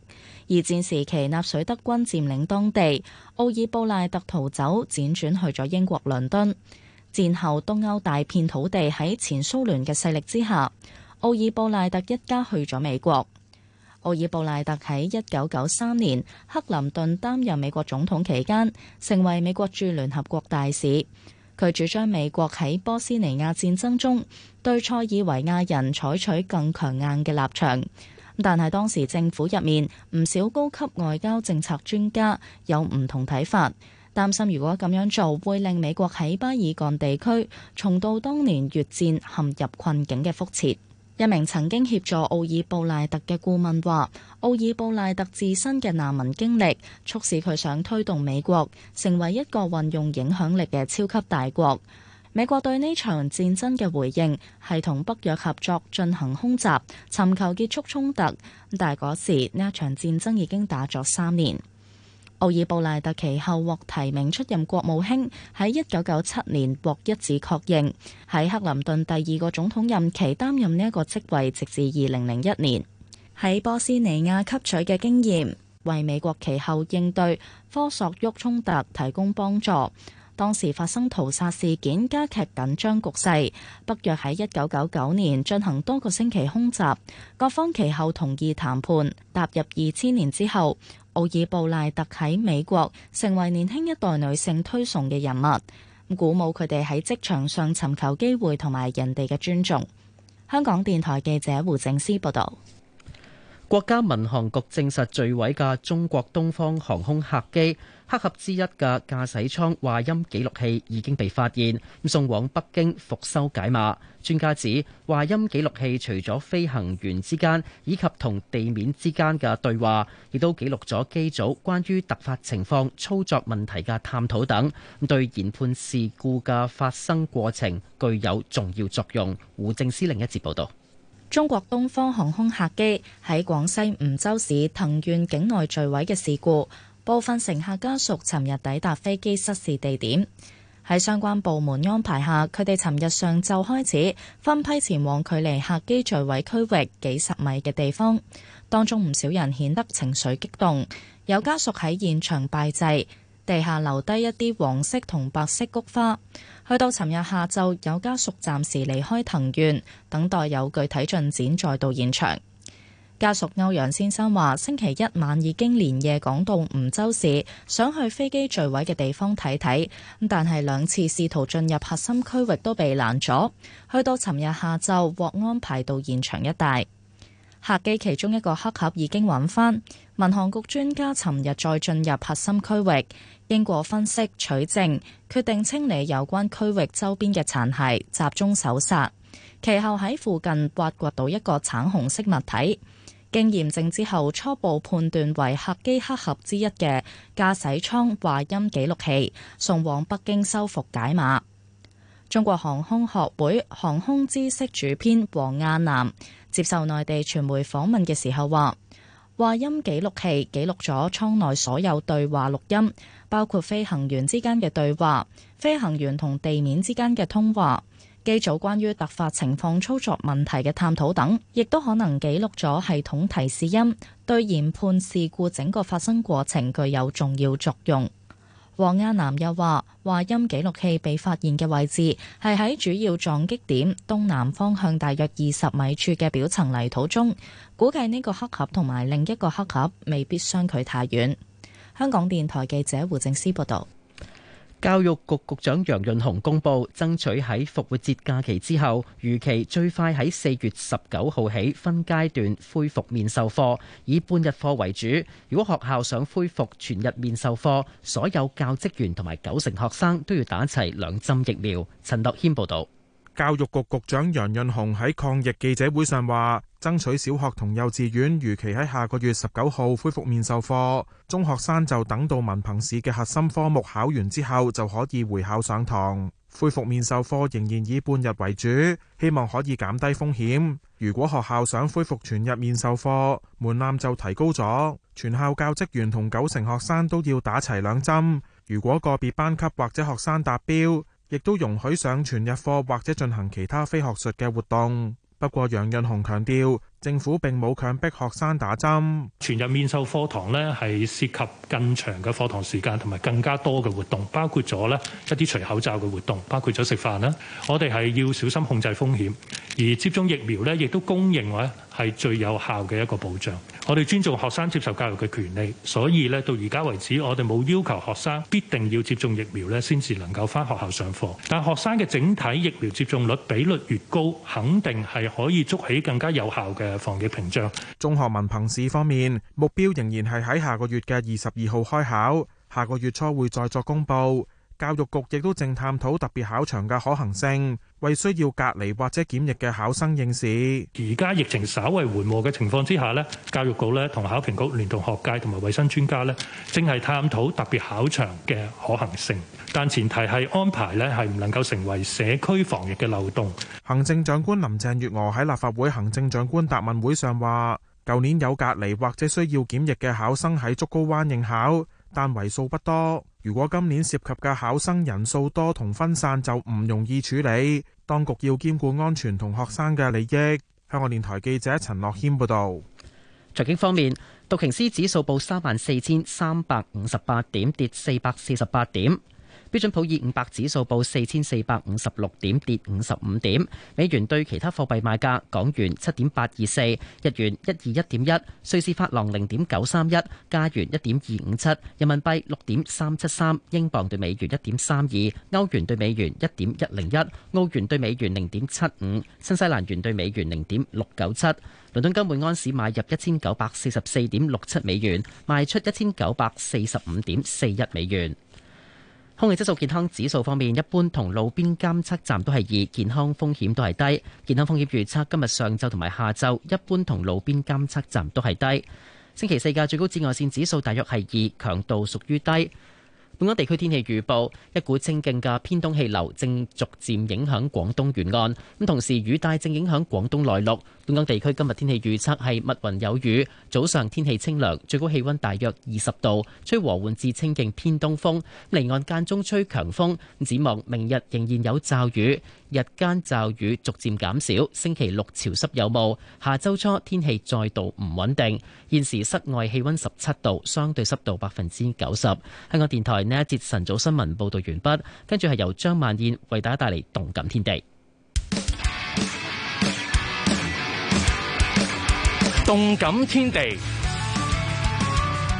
戰時期納粹德軍佔領當地，奧爾布賴特逃走，輾轉去咗英國倫敦。戰後東歐大片土地喺前蘇聯嘅勢力之下，奧爾布賴特一家去咗美國。奧爾布賴特喺一九九三年克林頓擔任美國總統期間，成為美國駐聯合國大使。佢主張美國喺波斯尼亞戰爭中對塞爾維亞人採取更強硬嘅立場。但係當時政府入面唔少高級外交政策專家有唔同睇法。擔心如果咁樣做，會令美國喺巴爾幹地區重蹈當年越戰陷入困境嘅覆轍。一名曾經協助奧爾布賴特嘅顧問話：奧爾布賴特自身嘅難民經歷，促使佢想推動美國成為一個運用影響力嘅超級大國。美國對呢場戰爭嘅回應係同北約合作進行空襲，尋求結束衝突。但係嗰時呢場戰爭已經打咗三年。奧爾布賴特其後獲提名出任國務卿，喺一九九七年獲一致確認。喺克林頓第二個總統任期擔任呢一個職位，直至二零零一年。喺波斯尼亞吸取嘅經驗，為美國其後應對科索沃衝突提供幫助。當時發生屠殺事件，加劇緊張局勢。北約喺一九九九年進行多個星期空襲，各方其後同意談判，踏入二千年之後。奧爾布賴特喺美國成為年輕一代女性推崇嘅人物，鼓舞佢哋喺職場上尋求機會同埋人哋嘅尊重。香港電台記者胡靜思報道。國家民航局證實墜毀嘅中國東方航空客機黑盒之一嘅駕駛艙話音記錄器已經被發現，送往北京復修解碼。專家指，話音記錄器除咗飛行員之間以及同地面之間嘅對話，亦都記錄咗機組關於突發情況、操作問題嘅探討等，對研判事故嘅發生過程具有重要作用。胡正司另一節報道。中國東方航空客機喺廣西梧州市藤縣境內墜毀嘅事故，部分乘客家屬尋日抵達飛機失事地點。喺相關部門安排下，佢哋尋日上晝開始分批前往距離客機墜毀區域幾十米嘅地方。當中唔少人顯得情緒激動，有家屬喺現場拜祭，地下留低一啲黃色同白色菊花。去到尋日下晝，有家屬暫時離開藤縣，等待有具體進展再到現場。家屬歐陽先生話，星期一晚已經連夜趕到梧州市，想去飛機墜毀嘅地方睇睇，但係兩次試圖進入核心區域都被攔咗。去到尋日下晝，獲安排到現場一帶。客機其中一個黑盒已經揾翻。民航局專家尋日再進入核心區域，經過分析取證，決定清理有關區域周邊嘅殘骸，集中搜索。其後喺附近挖掘到一個橙紅色物體，經驗證之後初步判斷為客機黑盒之一嘅駕駛艙話音記錄器，送往北京修復解碼。中國航空學會航空知識主編黃亞南接受內地傳媒訪問嘅時候話。話音記錄器記錄咗艙內所有對話錄音，包括飛行員之間嘅對話、飛行員同地面之間嘅通話、機組關於突發情況操作問題嘅探討等，亦都可能記錄咗系統提示音，對研判事故整個發生過程具有重要作用。黃亞楠又話：話音記錄器被發現嘅位置係喺主要撞擊點東南方向大約二十米處嘅表層泥土中，估計呢個黑盒同埋另一個黑盒未必相距太遠。香港電台記者胡正思報道。教育局局長楊潤雄公布，爭取喺復活節假期之後，預期最快喺四月十九號起分階段恢復面授課，以半日課為主。如果學校想恢復全日面授課，所有教職員同埋九成學生都要打齊兩針疫苗。陳樂謙報道。教育局局長楊潤雄喺抗疫記者會上話，爭取小學同幼稚園如期喺下個月十九號恢復面授課，中學生就等到文憑試嘅核心科目考完之後就可以回校上堂。恢復面授課仍然以半日為主，希望可以減低風險。如果學校想恢復全日面授課，門檻就提高咗，全校教職員同九成學生都要打齊兩針。如果個別班級或者學生達標，亦都容許上全日課或者進行其他非學術嘅活動，不過楊潤雄強調，政府並冇強迫學生打針。全日面授課堂呢係涉及更長嘅課堂時間同埋更加多嘅活動，包括咗呢一啲除口罩嘅活動，包括咗食飯啦。我哋係要小心控制風險，而接種疫苗呢亦都公認為係最有效嘅一個保障。我哋尊重學生接受教育嘅權利，所以咧到而家為止，我哋冇要求學生必定要接種疫苗咧，先至能夠返學校上課。但係學生嘅整體疫苗接種率比率越高，肯定係可以築起更加有效嘅防疫屏障。中學文憑試方面，目標仍然係喺下個月嘅二十二號開考，下個月初會再作公佈。教育局亦都正探討特別考場嘅可行性，為需要隔離或者檢疫嘅考生應試。而家疫情稍為緩和嘅情況之下呢，教育局呢同考評局聯同學界同埋衛生專家呢，正係探討特別考場嘅可行性，但前提係安排呢，係唔能夠成為社區防疫嘅漏洞。行政長官林鄭月娥喺立法會行政長官答問會上話，舊年有隔離或者需要檢疫嘅考生喺竹篙灣應考，但為數不多。如果今年涉及嘅考生人數多同分散，就唔容易處理。當局要兼顧安全同學生嘅利益。香港電台記者陳樂謙報道。財經方面，道瓊斯指數報三萬四千三百五十八點，跌四百四十八點。標準普爾五百指數報四千四百五十六點，跌五十五點。美元對其他貨幣賣價：港元七點八二四，日元一二一點一，瑞士法郎零點九三一，加元一點二五七，人民幣六點三七三，英鎊兌美元一點三二，歐元兌美元一點一零一，澳元兌美元零點七五，新西蘭元兌美元零點六九七。倫敦金每安士買入一千九百四十四點六七美元，賣出一千九百四十五點四一美元。空氣質素健康指數方面，一般同路邊監測站都係二，健康風險都係低。健康風險預測今日上晝同埋下晝，一般同路邊監測站都係低。星期四嘅最高紫外線指數大約係二，強度屬於低。本港地區天氣預報，一股清勁嘅偏東氣流正逐漸影響廣東沿岸，咁同時雨帶正影響廣東內陸。本港地區今日天氣預測係密雲有雨，早上天氣清涼，最高氣温大約二十度，吹和緩至清勁偏東風，離岸間中吹強風。展望明日仍然有驟雨，日間驟雨逐漸減，減少。星期六潮濕有霧，下周初天氣再度唔穩定。現時室外氣温十七度，相對濕度百分之九十。香港電台呢一節晨早新聞報道完畢，跟住係由張曼燕為大家帶嚟動感天地。動感天地。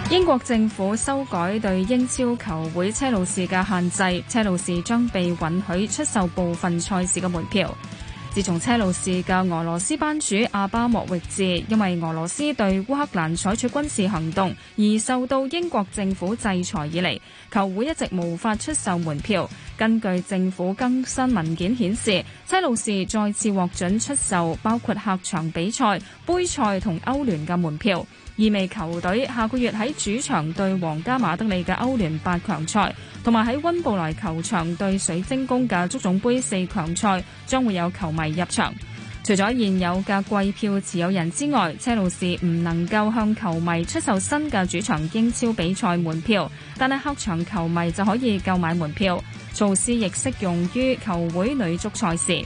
英國政府修改對英超球會車路士嘅限制，車路士將被允許出售部分賽事嘅門票。自從車路士嘅俄羅斯班主阿巴莫域治因為俄羅斯對烏克蘭採取軍事行動而受到英國政府制裁以嚟，球會一直無法出售門票。根據政府更新文件顯示，車路士再次獲准出售包括客場比賽、杯賽同歐聯嘅門票。意味球隊下個月喺主場對皇家馬德里嘅歐聯八強賽，同埋喺溫布萊球場對水晶宮嘅足總杯四強賽，將會有球迷入場。除咗現有嘅季票持有人之外，車路士唔能夠向球迷出售新嘅主場英超比賽門票，但係客場球迷就可以購買門票。措施亦適用於球會女足賽事。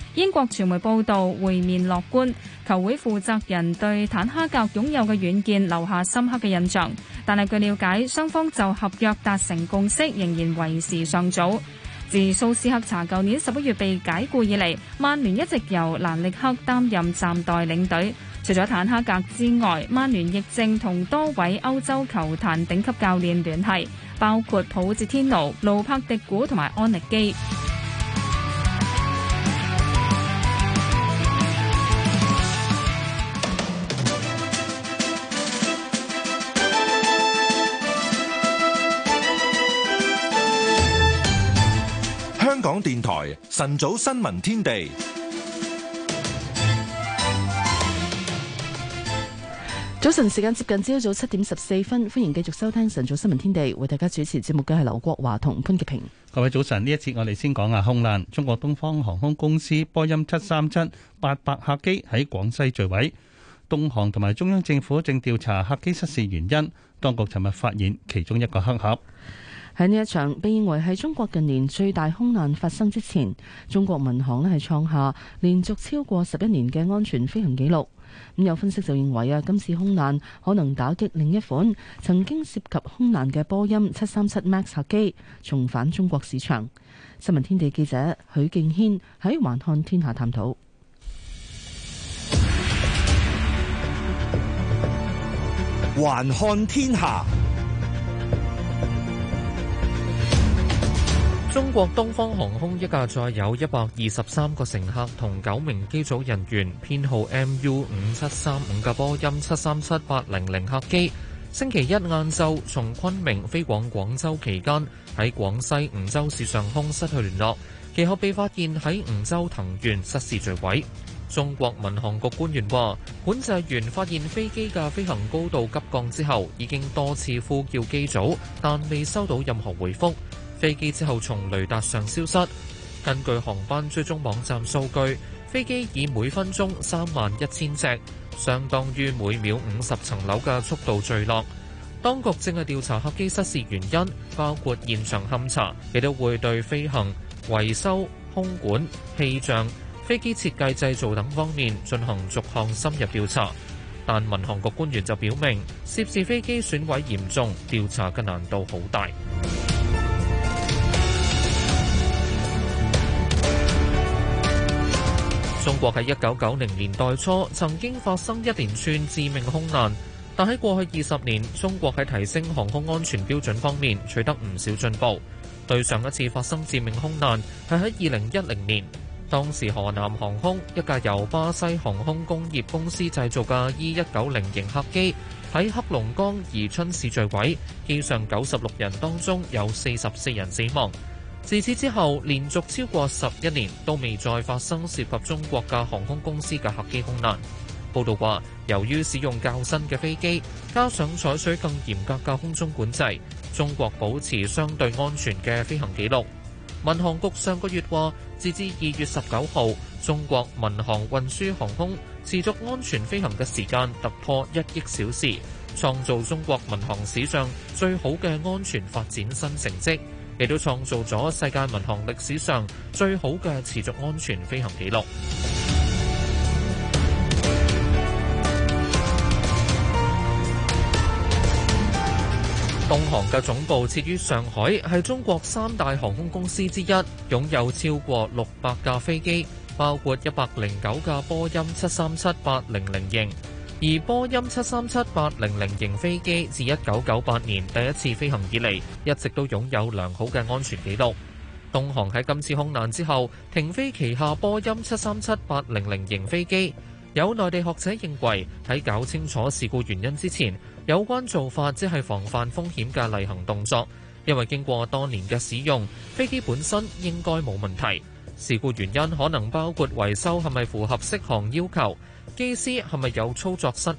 英國傳媒報道，會面樂觀，球會負責人對坦哈格擁有嘅遠見留下深刻嘅印象。但係據了解，雙方就合約達成共識仍然為時尚早。自蘇斯克查舊年十一月被解雇以嚟，曼聯一直由蘭力克擔任暫代領隊。除咗坦哈格之外，曼聯亦正同多位歐洲球壇頂級教練聯繫，包括普捷天奴、路柏迪古同埋安力基。電台晨早新聞天地，早晨時間接近朝早七點十四分，歡迎繼續收聽晨早新聞天地，為大家主持節目嘅係劉國華同潘潔平。各位早晨，呢一次我哋先講下空難，中國東方航空公司波音七三七八八客機喺廣西墜毀，東航同埋中央政府正調查客機失事原因，當局尋日發現其中一個黑盒。喺呢一場被認為係中國近年最大空難發生之前，中國民航呢係創下連續超過十一年嘅安全飛行紀錄。咁有分析就認為啊，今次空難可能打擊另一款曾經涉及空難嘅波音七三七 MAX 客機重返中國市場。新聞天地記者許敬軒喺《環看天下》探討《環看天下》。中國東方航空一架載有一百二十三個乘客同九名機組人員，編號 MU 五七三五嘅波音七三七八零零客機，星期一晏晝從昆明飛往廣，廣州期間，喺廣西梧州市上空失去聯絡，其後被發現喺梧州藤縣失事墜毀。中國民航局官員話，管制員發現飛機嘅飛行高度急降之後，已經多次呼叫機組，但未收到任何回復。飛機之後從雷達上消失。根據航班追蹤網站數據，飛機以每分鐘三萬一千呎，相當於每秒五十層樓嘅速度墜落。當局正係調查客機失事原因，包括現場勘查，亦都會對飛行、維修、空管、氣象、飛機設計製造等方面進行逐項深入調查。但民航局官員就表明，涉事飛機損毀嚴重，調查嘅難度好大。中國喺一九九零年代初曾經發生一連串致命空難，但喺過去二十年，中國喺提升航空安全標準方面取得唔少進步。對上一次發生致命空難係喺二零一零年，當時河南航空一架由巴西航空工業公司製造嘅 E 一九零型客機喺黑龍江伊春市墜毀，機上九十六人當中有四十四人死亡。自此之後，連續超過十一年都未再發生涉及中國嘅航空公司嘅客機空難。報道話，由於使用較新嘅飛機，加上採取更嚴格嘅空中管制，中國保持相對安全嘅飛行記錄。民航局上個月話，截至二月十九號，中國民航運輸航空持續安全飛行嘅時間突破一億小時，創造中國民航史上最好嘅安全發展新成績。亦都創造咗世界民航歷史上最好嘅持續安全飛行紀錄。東航嘅總部設於上海，係中國三大航空公司之一，擁有超過六百架飛機，包括一百零九架波音七三七八零零型。而波音七三七八零零型飛機自一九九八年第一次飛行以嚟，一直都擁有良好嘅安全記錄。東航喺今次空難之後停飛旗下波音七三七八零零型飛機，有內地學者認為喺搞清楚事故原因之前，有關做法即係防範風險嘅例行動作，因為經過多年嘅使用，飛機本身應該冇問題，事故原因可能包括維修係咪符合適航要求。機師係咪有操作失誤，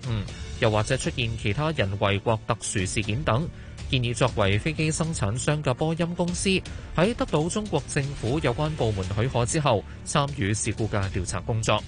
又或者出現其他人為或特殊事件等，建議作為飛機生產商嘅波音公司喺得到中國政府有關部門許可之後，參與事故嘅調查工作。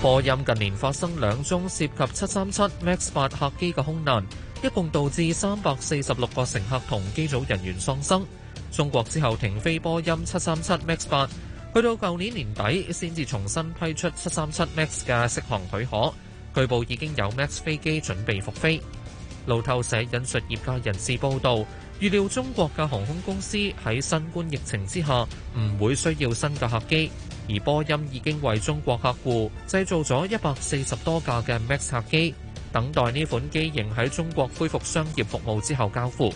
波音近年發生兩宗涉及七三七 MAX 八客機嘅空難，一共導致三百四十六個乘客同機組人員喪生。中國之後停飛波音 737MAX 8，去到舊年年底先至重新批出 737MAX 嘅適航許可，據報已經有 MAX 飛機準備復飛。路透社引述業界人士報道，預料中國嘅航空公司喺新冠疫情之下唔會需要新嘅客機，而波音已經為中國客戶製造咗一百四十多架嘅 MAX 客機，等待呢款機型喺中國恢復商業服務之後交付。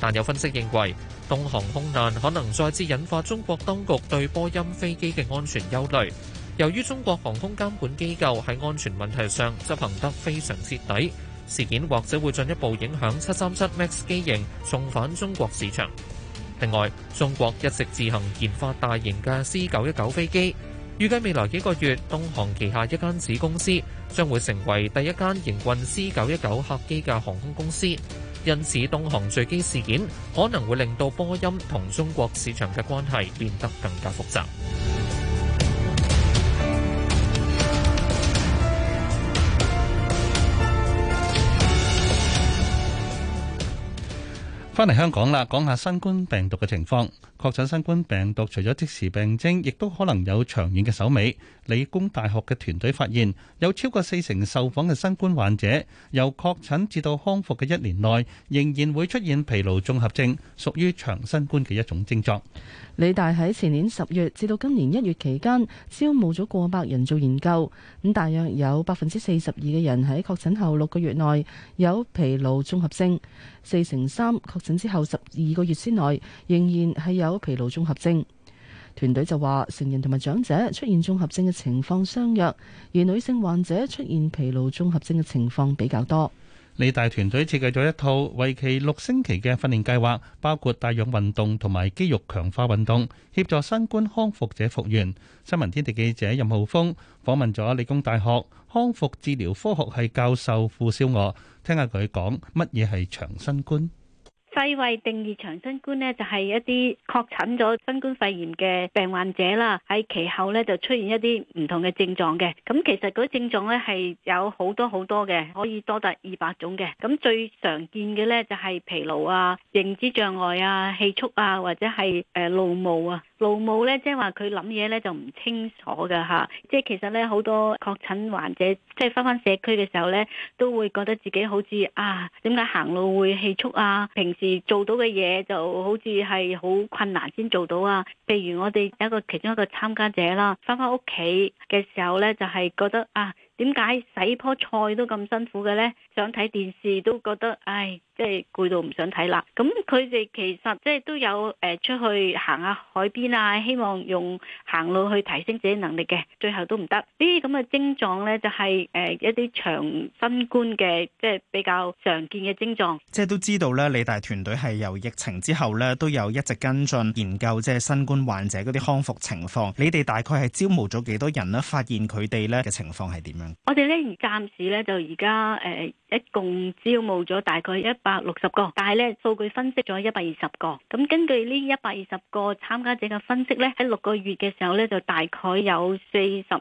但有分析認為，東航空難可能再次引發中國當局對波音飛機嘅安全憂慮。由於中國航空監管機構喺安全問題上執行得非常徹底，事件或者會進一步影響七三七 MAX 機型重返中國市場。另外，中國一直自行研發大型嘅 C 九一九飛機，預計未來幾個月，東航旗下一間子公司將會成為第一間營運 C 九一九客機嘅航空公司。因此東航墜機事件，可能會令到波音同中國市場嘅關係變得更加複雜。翻嚟香港啦，講下新冠病毒嘅情況。確診新冠病毒除咗即時病徵，亦都可能有長遠嘅手尾。理工大學嘅團隊發現，有超過四成受訪嘅新冠患者由確診至到康復嘅一年內，仍然會出現疲勞綜合症，屬於長新冠嘅一種症狀。理大喺前年十月至到今年一月期間，招募咗過百人做研究，咁大約有百分之四十二嘅人喺確診後六個月內有疲勞綜合症，四成三確診之後十二個月之內仍然係有疲勞綜合症，團隊就話成人同埋長者出現綜合症嘅情況相若，而女性患者出現疲勞綜合症嘅情況比較多。理大團隊設計咗一套為期六星期嘅訓練計劃，包括帶氧運動同埋肌肉強化運動，協助新冠康復者復原。新聞天地記者任浩峰訪問咗理工大學康復治療科學系教授傅少娥，聽下佢講乜嘢係長新冠。世衛定義長新冠呢，就係一啲確診咗新冠肺炎嘅病患者啦，喺其後咧就出現一啲唔同嘅症狀嘅。咁其實嗰啲症狀咧係有好多好多嘅，可以多達二百種嘅。咁最常見嘅咧就係疲勞啊、認知障礙啊、氣促啊，或者係誒腦霧啊。腦霧咧即係話佢諗嘢咧就唔清楚㗎吓。即係其實咧好多確診患者即係返返社區嘅時候咧，都會覺得自己好似啊，點解行路會氣促啊，平時。做到嘅嘢就好似係好困難先做到啊！譬如我哋有一個其中一個參加者啦，翻返屋企嘅時候咧，就係、是、覺得啊，點解洗棵菜都咁辛苦嘅咧？想睇電視都覺得唉。哎即係攰到唔想睇啦，咁佢哋其實即係都有誒出去行下海邊啊，希望用行路去提升自己能力嘅，最後都唔得。呢啲咁嘅症狀咧，就係誒一啲長新冠嘅，即係比較常見嘅症狀。即係都知道咧，你大團隊係由疫情之後咧，都有一直跟進研究即係新冠患者嗰啲康復情況。你哋大概係招募咗幾多人咧？發現佢哋咧嘅情況係點樣？我哋咧暫時咧就而家誒一共招募咗大概一百六十個，但係咧數據分析咗一百二十個，咁根據呢一百二十個參加者嘅分析咧，喺六個月嘅時候咧就大概有四十二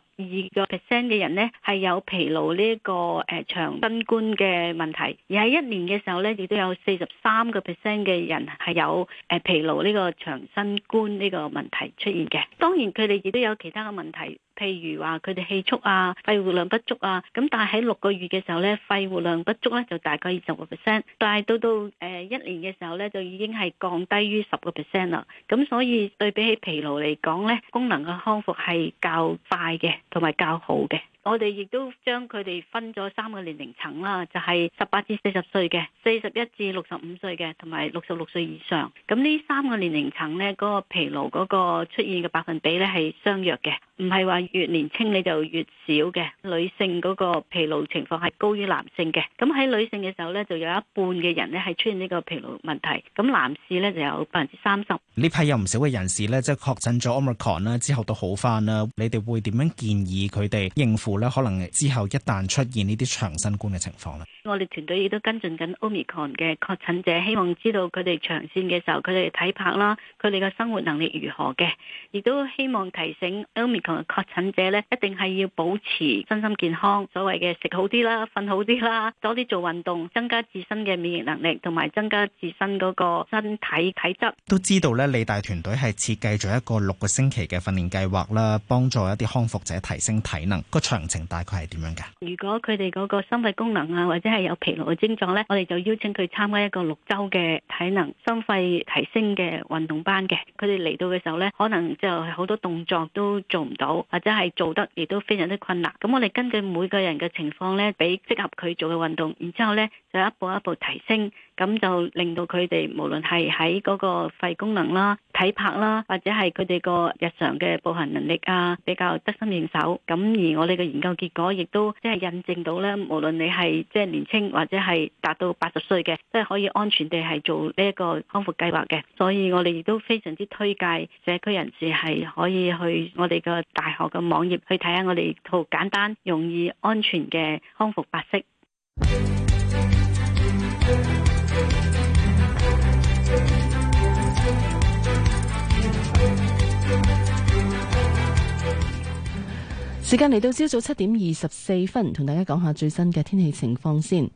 個 percent 嘅人咧係有疲勞呢、這個誒、呃、長新冠嘅問題，而喺一年嘅時候咧亦都有四十三個 percent 嘅人係有誒、呃、疲勞呢個長新冠呢個問題出現嘅，當然佢哋亦都有其他嘅問題。譬如話佢哋氣促啊、肺活量不足啊，咁但係喺六個月嘅時候咧，肺活量不足咧就大概二十個 percent，但係到到誒一年嘅時候咧，就已經係降低於十個 percent 啦。咁所以對比起疲勞嚟講咧，功能嘅康復係較快嘅，同埋較好嘅。我哋亦都將佢哋分咗三個年齡層啦，就係十八至四十歲嘅、四十一至六十五歲嘅，同埋六十六歲以上。咁呢三個年齡層咧，嗰個疲勞嗰個出現嘅百分比咧係相約嘅，唔係話。越年青，你就越少嘅。女性嗰個疲勞情況係高於男性嘅。咁喺女性嘅時候咧，就有一半嘅人咧係出現呢個疲勞問題，咁男士咧就有百分之三十。呢批有唔少嘅人士咧，即係確診咗 Omicron 啦之後都好翻啦。你哋會點樣建議佢哋應付咧？可能之後一旦出現呢啲長新冠嘅情況咧，我哋團隊亦都跟進緊 Omicron 嘅確診者，希望知道佢哋長線嘅時候佢哋體魄啦，佢哋嘅生活能力如何嘅，亦都希望提醒 Omicron 確患者咧一定係要保持身心健康，所謂嘅食好啲啦、瞓好啲啦、多啲做運動，增加自身嘅免疫能力，同埋增加自身嗰個身體體質。都知道咧，理大團隊係設計咗一個六個星期嘅訓練計劃啦，幫助一啲康復者提升體能。個詳情大概係點樣㗎？如果佢哋嗰個心肺功能啊，或者係有疲勞嘅症狀咧，我哋就邀請佢參加一個六周嘅體能心肺提升嘅運動班嘅。佢哋嚟到嘅時候咧，可能就係好多動作都做唔到真係做得亦都非常之困難。咁我哋根據每個人嘅情況咧，俾適合佢做嘅運動，然之後咧就一步一步提升。咁就令到佢哋無論係喺嗰個肺功能啦、體魄啦，或者係佢哋個日常嘅步行能力啊，比較得心應手。咁而我哋嘅研究結果亦都即係印證到咧，無論你係即係年青或者係達到八十歲嘅，即係可以安全地係做呢一個康復計劃嘅。所以我哋亦都非常之推介社區人士係可以去我哋個大學嘅網頁去睇下我哋套簡單、容易、安全嘅康復白色。 時間嚟到朝早七點二十四分，同大家講下最新嘅天氣情況先。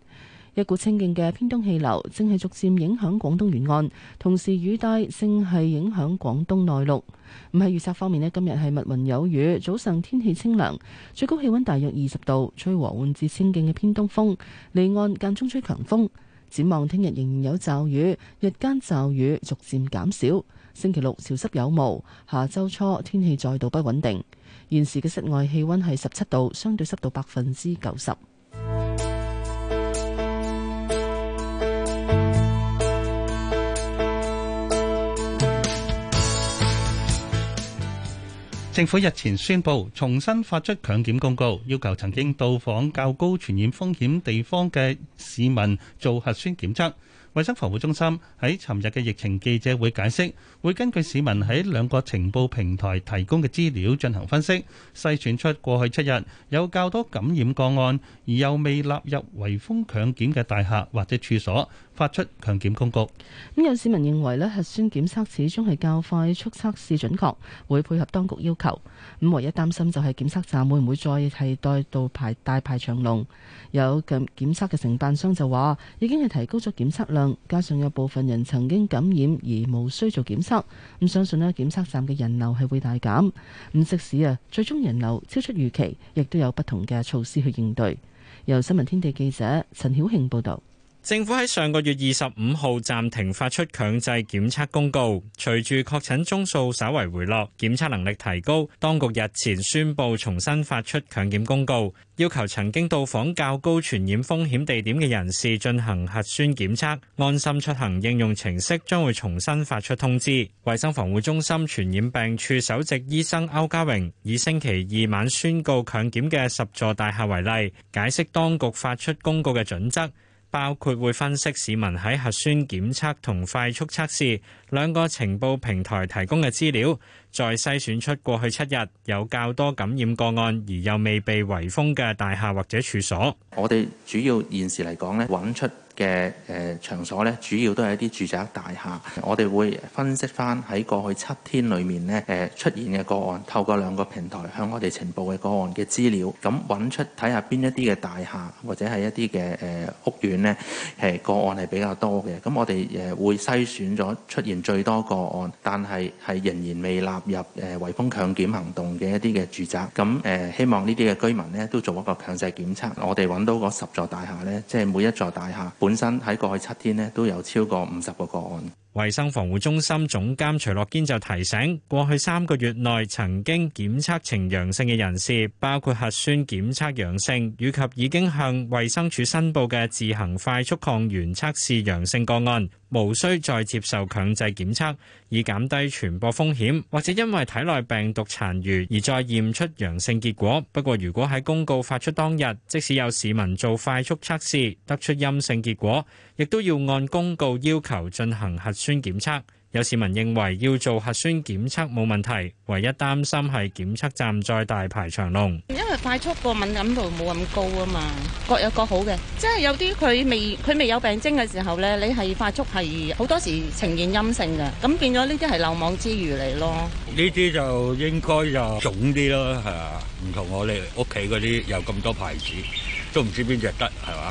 一股清勁嘅偏東氣流正係逐漸影響廣東沿岸，同時雨帶正係影響廣東內陸。咁喺預測方面咧，今日係密雲有雨，早上天氣清涼，最高氣溫大約二十度，吹和緩至清勁嘅偏東風，離岸間中吹強風。展望聽日仍然有驟雨，日間驟雨逐漸減少。星期六潮濕有霧，下周初天氣再度不穩定。現時嘅室外氣溫係十七度，相對濕度百分之九十。政府日前宣布重新發出強檢公告，要求曾經到訪較高傳染風險地方嘅市民做核酸檢測。衛生防護中心喺尋日嘅疫情記者會解釋，會根據市民喺兩個情報平台提供嘅資料進行分析，篩選出過去七日有較多感染個案而又未納入圍封強檢嘅大廈或者處所。發出強檢公告。咁有市民認為呢核酸檢測始終係較快速，測試準確，會配合當局要求。咁唯一擔心就係檢測站會唔會再替代到排大排長龍。有近檢測嘅承辦商就話，已經係提高咗檢測量，加上有部分人曾經感染而無需做檢測。咁相信呢檢測站嘅人流係會大減。咁即使啊，最終人流超出預期，亦都有不同嘅措施去應對。由新聞天地記者陳曉慶報導。政府喺上個月二十五號暫停發出強制檢測公告，隨住確診宗數稍為回落，檢測能力提高，當局日前宣布重新發出強檢公告，要求曾經到訪較高傳染風險地點嘅人士進行核酸檢測。安心出行應用程式將會重新發出通知。衛生防護中心傳染病處首席醫生歐家榮以星期二晚宣告強檢嘅十座大廈為例，解釋當局發出公告嘅準則。包括會分析市民喺核酸檢測同快速測試兩個情報平台提供嘅資料。再篩選出過去七日有較多感染個案而又未被圍封嘅大廈或者處所。我哋主要現時嚟講咧，揾出嘅誒場所咧，主要都係一啲住宅大廈。我哋會分析返喺過去七天裏面呢誒出現嘅個案，透過兩個平台向我哋呈報嘅個案嘅資料，咁揾出睇下邊一啲嘅大廈或者係一啲嘅誒屋苑呢，係個案係比較多嘅。咁我哋誒會篩選咗出現最多個案，但係係仍然未立。入誒圍封強檢行動嘅一啲嘅住宅，咁誒、呃、希望呢啲嘅居民咧都做一個強制檢測。我哋揾到嗰十座大廈咧，即係每一座大廈本身喺過去七天咧都有超過五十個個案。衛生防護中心總監徐樂堅就提醒，過去三個月內曾經檢測呈陽性嘅人士，包括核酸檢測陽性以及已經向衛生署申報嘅自行快速抗原測試陽性個案，無需再接受強制檢測，以減低傳播風險，或者因為體內病毒殘餘而再驗出陽性結果。不過，如果喺公告發出當日，即使有市民做快速測試得出陰性結果，亦都要按公告要求進行核酸檢測。有市民認為要做核酸檢測冇問題，唯一擔心係檢測站再大排長龍。因為快速嘅敏感度冇咁高啊嘛，各有各好嘅。即係有啲佢未佢未有病徵嘅時候咧，你係快速係好多時呈現陰性嘅，咁變咗呢啲係漏網之魚嚟咯。呢啲就應該就準啲咯，係啊，唔同我哋屋企嗰啲有咁多牌子，都唔知邊隻得係嘛？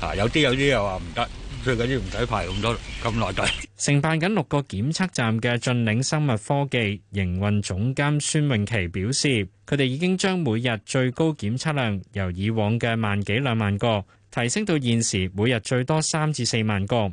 啊，嗯、有啲有啲又話唔得。最緊要唔使排咁多咁耐隊。School, like, so、 承辦緊六個檢測站嘅峻嶺生物科技營運總監孫永琪表示，佢哋已經將每日最高檢測量由以往嘅萬幾兩萬個提升到現時每日最多三至四萬個。4, 2, 3, 2, 3, 2,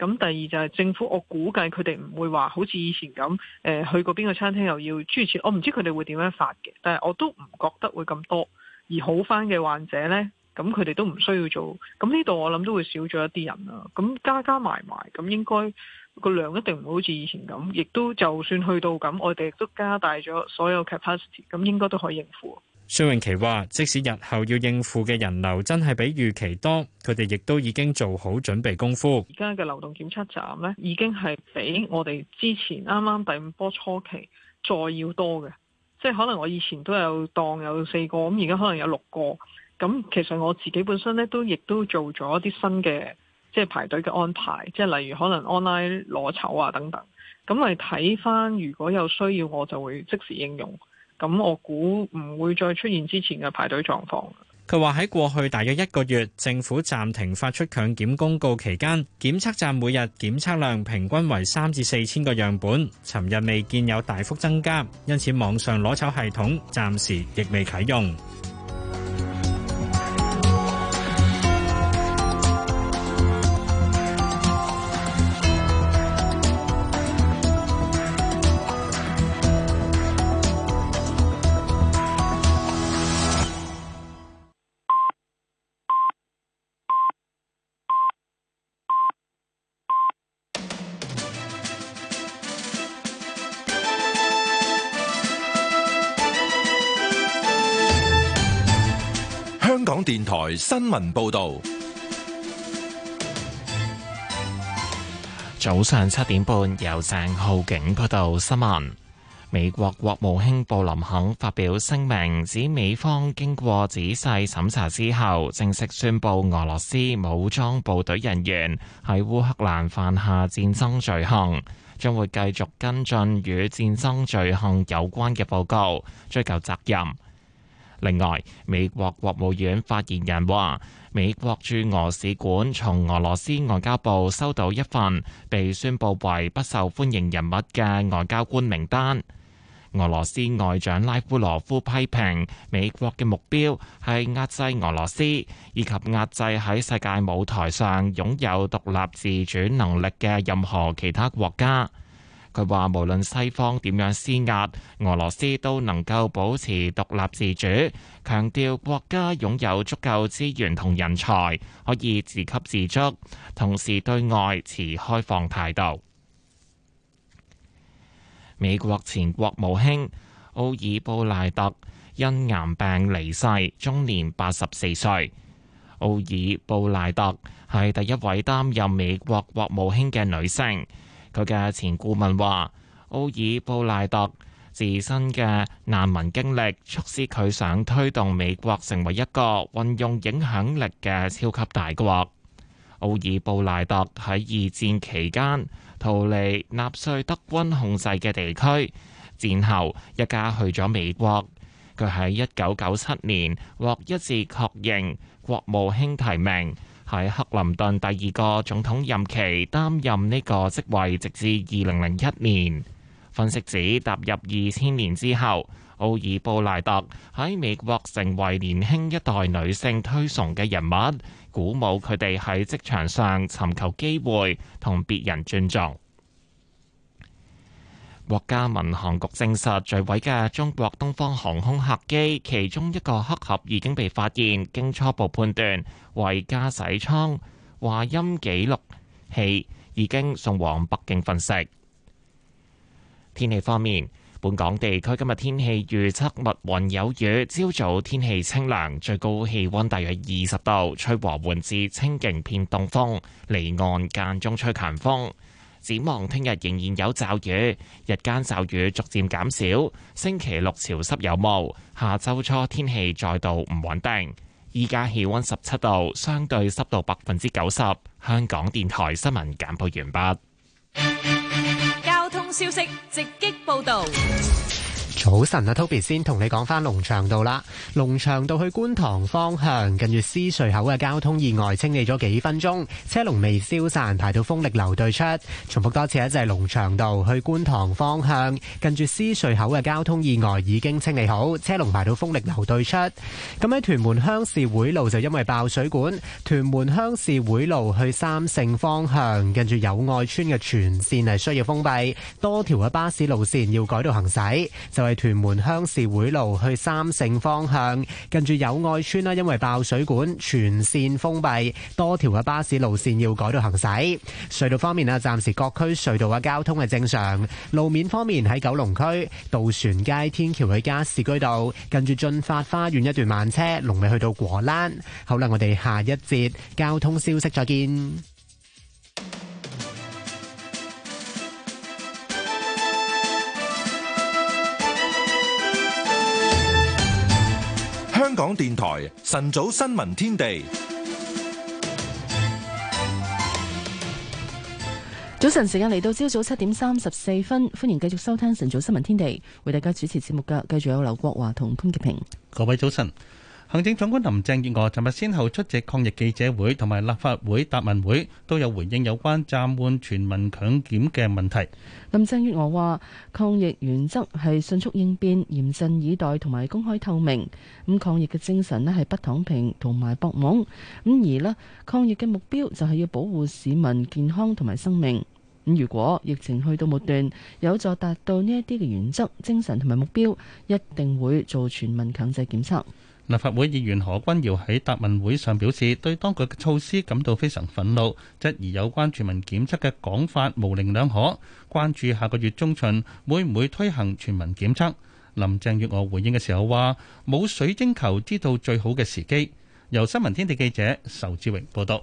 咁第二就係、是、政府，我估計佢哋唔會話好似以前咁，誒、呃、去過邊個餐廳又要諸如此類，我唔知佢哋會點樣發嘅，但係我都唔覺得會咁多。而好返嘅患者呢，咁佢哋都唔需要做，咁呢度我諗都會少咗一啲人啦。咁加加埋埋，咁應該個量一定唔會好似以前咁，亦都就算去到咁，我哋亦都加大咗所有 capacity，咁應該都可以應付。孫永琪話，即使日後要應付嘅人流真係比預期多，佢哋亦都已經做好準備功夫。而家嘅流動檢測站呢，已經係比我哋之前啱啱第五波初期再要多嘅，即係可能我以前都有當有四個，咁而家可能有六個。咁其實我自己本身呢，都亦都做咗一啲新嘅，即係排隊嘅安排，即係例如可能 online 攞籌啊等等。咁嚟睇翻，如果有需要，我就會即時應用。咁我估唔會再出現之前嘅排隊狀況。佢話喺過去大約一個月，政府暫停發出強檢公告期間，檢測站每日檢測量平均為三至四千個樣本，尋日未見有大幅增加，因此網上攞籌系統暫時亦未啟用。電台新聞報道，早上七點半由鄭浩景報道新聞。美國國務卿布林肯發表聲明，指美方經過仔細審查之後，正式宣佈俄羅斯武裝部隊人員喺烏克蘭犯下戰爭罪行，將會繼續跟進與戰爭罪行有關嘅報告，追究責任。另外，美國國務院發言人話，美國駐俄使館從俄羅斯外交部收到一份被宣佈為不受歡迎人物嘅外交官名單。俄羅斯外長拉夫羅夫批評美國嘅目標係壓制俄羅斯，以及壓制喺世界舞台上擁有獨立自主能力嘅任何其他國家。佢話無論西方點樣施壓，俄羅斯都能夠保持獨立自主，強調國家擁有足夠資源同人才，可以自給自足，同時對外持開放態度。美國前國務卿奧爾布賴特因癌病離世，終年八十四歲。奧爾布賴特係第一位擔任美國國務卿嘅女性。佢嘅前顧問話：奧爾布賴特自身嘅難民經歷，促使佢想推動美國成為一個運用影響力嘅超級大國。奧爾布賴特喺二戰期間逃離納粹德軍控制嘅地區，戰後一家去咗美國。佢喺一九九七年獲一致確認國務卿提名。喺克林頓第二個總統任期擔任呢個職位，直至二零零一年。分析指踏入二千年之後，奧爾布賴特喺美國成為年輕一代女性推崇嘅人物，鼓舞佢哋喺職場上尋求機會同別人尊重。國家民航局證實，墜毀嘅中國東方航空客機其中一個黑盒已經被發現，經初步判斷為駕駛艙話音記錄器，已經送往北京分析。天氣方面，本港地區今日天氣預測密雲有雨，朝早天氣清涼，最高氣温大約二十度，吹和緩至清勁偏東風，離岸間中吹強風。展望聽日仍然有驟雨，日間驟雨逐漸減少。星期六潮濕有霧，下周初天氣再度唔穩定。依家氣温十七度，相對濕度百分之九十。香港電台新聞簡報完畢。交通消息直擊報導。早晨啊，Toby 先同你講返龍翔道啦。龍翔道去觀塘方向，近住獅隧口嘅交通意外清理咗幾分鐘，車龍未消散，排到風力樓對出。重複多次啊，就係龍翔道去觀塘方向，近住獅隧口嘅交通意外已經清理好，車龍排到風力樓對出。咁喺屯門鄉事會路就因爲爆水管，屯門鄉事會路去三聖方向，近住友愛村嘅全線係需要封閉，多條嘅巴士路線要改道行駛。就係屯門鄉事會路去三聖方向，近住友愛村啦，因為爆水管，全線封閉，多條嘅巴士路線要改道行駛。隧道方面啦，暫時各區隧道嘅交通係正常。路面方面喺九龍區渡船街天橋去加士居道，近住駿發花園一段慢車龍尾去到果欄。好啦，我哋下一節交通消息再見。香港電台晨早新聞天地，早晨時間嚟到，朝早七點三十四分，歡迎繼續收聽晨早新聞天地，為大家主持節目嘅，繼續有劉國華同潘潔平，各位早晨。行政長官林鄭月娥尋日先後出席抗疫記者會同埋立法會答問會，都有回應有關暫緩全民強檢嘅問題。林鄭月娥話：抗疫原則係迅速應變、嚴陣以待同埋公開透明。咁抗疫嘅精神呢係不躺平同埋搏懵。咁而呢抗疫嘅目標就係要保護市民健康同埋生命。咁如果疫情去到末段，有助達到呢一啲嘅原則、精神同埋目標，一定會做全民強制檢測。立法會議員何君堯喺答問會上表示，對當局嘅措施感到非常憤怒，質疑有關全民檢測嘅講法模棱兩可，關注下個月中旬會唔會推行全民檢測。林鄭月娥回應嘅時候話：冇水晶球知道最好嘅時機。由新聞天地記者仇志榮報道。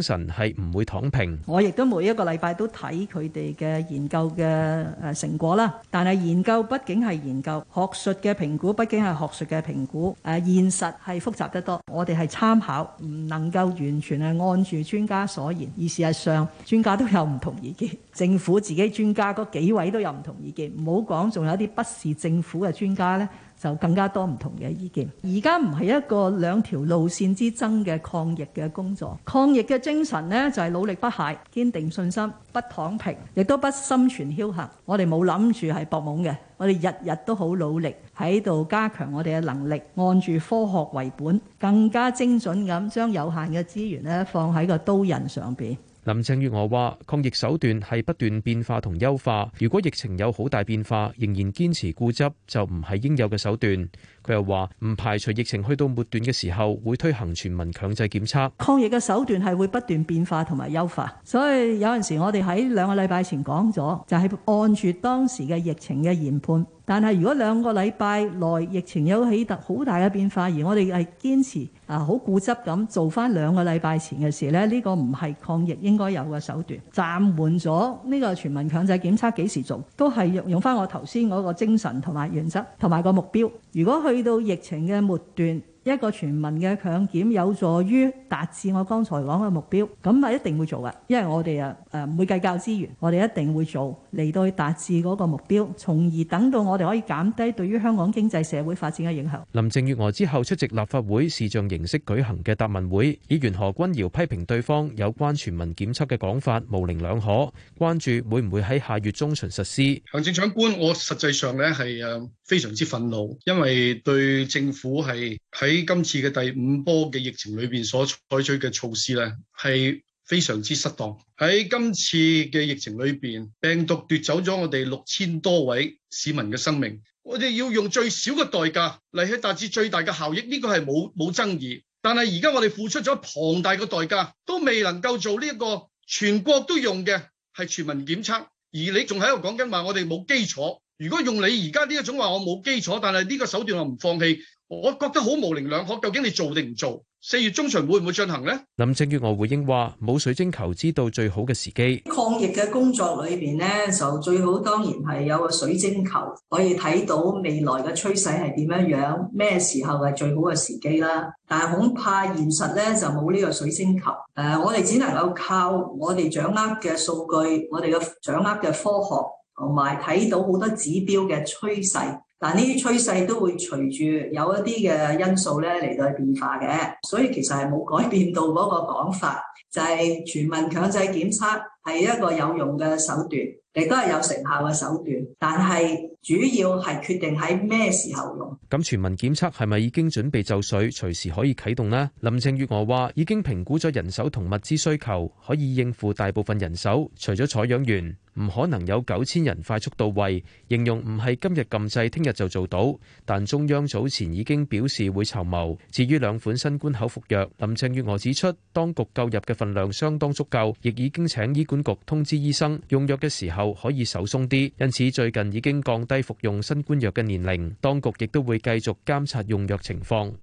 神係唔會躺平，我亦都每一個禮拜都睇佢哋嘅研究嘅誒成果啦。但係研究畢竟係研究，學術嘅評估畢竟係學術嘅評估。誒，現實係複雜得多，我哋係參考，唔能夠完全係按住專家所言，而事實上專家都有唔同意見，政府自己專家嗰幾位都有唔同意見，唔好講仲有啲不是政府嘅專家呢。就更加多唔同嘅意見。而家唔係一個兩條路線之爭嘅抗疫嘅工作。抗疫嘅精神呢，就係努力不懈、堅定信心、不躺平，亦都不心存僥倖。我哋冇諗住係搏懵嘅。我哋日日都好努力喺度加強我哋嘅能力，按住科學為本，更加精準咁將有限嘅資源呢放喺個刀刃上邊。林鄭月娥話：抗疫手段係不斷變化同優化，如果疫情有好大變化，仍然堅持固執，就唔係應有嘅手段。佢又話唔排除疫情去到末段嘅時候會推行全民強制檢測，抗疫嘅手段係會不斷變化同埋優化。所以有陣時我哋喺兩個禮拜前講咗，就係按住當時嘅疫情嘅研判。但係如果兩個禮拜內疫情有起突好大嘅變化，而我哋係堅持啊，好固執咁做翻兩個禮拜前嘅事咧，呢個唔係抗疫應該有嘅手段。暫緩咗呢個全民強制檢測幾時做，都係用用翻我頭先嗰個精神同埋原則同埋個目標。如果去去到疫情嘅末段。一個全民嘅強檢有助於達至我剛才講嘅目標，咁啊一定會做嘅，因為我哋啊誒唔會計較資源，我哋一定會做嚟到去達至嗰個目標，從而等到我哋可以減低對於香港經濟社會發展嘅影響。林鄭月娥之後出席立法會視像形式舉行嘅答問會，議員何君堯批評對方有關全民檢測嘅講法模棱兩可，關注會唔會喺下月中旬實施。行政長官我實際上呢係誒非常之憤怒，因為對政府係喺。喺今次嘅第五波嘅疫情裏邊所採取嘅措施咧，係非常之失當。喺今次嘅疫情裏邊，病毒奪走咗我哋六千多位市民嘅生命。我哋要用最少嘅代價嚟去達至最大嘅效益，呢個係冇冇爭議。但係而家我哋付出咗龐大嘅代價，都未能夠做呢一個全國都用嘅，係全民檢測。而你仲喺度講緊話我哋冇基礎。如果用你而家呢一種話，我冇基礎，但係呢個手段，我唔放棄。我覺得好模棱兩可，究竟你做定唔做？四月中旬會唔會進行呢？林鄭月娥回應話：冇水晶球，知道最好嘅時機。抗疫嘅工作裏邊呢，就最好當然係有個水晶球，可以睇到未來嘅趨勢係點樣樣，咩時候係最好嘅時機啦。但係恐怕現實呢，就冇呢個水晶球，誒、呃，我哋只能夠靠我哋掌握嘅數據，我哋嘅掌握嘅科學，同埋睇到好多指標嘅趨勢。但呢啲趨勢都會隨住有一啲嘅因素咧嚟到變化嘅，所以其實係冇改變到嗰個講法，就係全民強制檢測係一個有用嘅手段。亦都係有成效嘅手段，但係主要係決定喺咩時候用。咁全民檢測係咪已經準備就緒隨時可以啟動呢？林鄭月娥話已經評估咗人手同物資需求，可以應付大部分人手。除咗採樣員，唔可能有九千人快速到位。形容唔係今日禁制，聽日就做到。但中央早前已經表示會籌謀。至於兩款新冠口服藥，林鄭月娥指出當局購入嘅份量相當足夠，亦已經請醫管局通知醫生用藥嘅時候就可以手鬆啲，因此最近已經降低服用新冠藥嘅年齡，當局亦都會繼續監察用藥情況。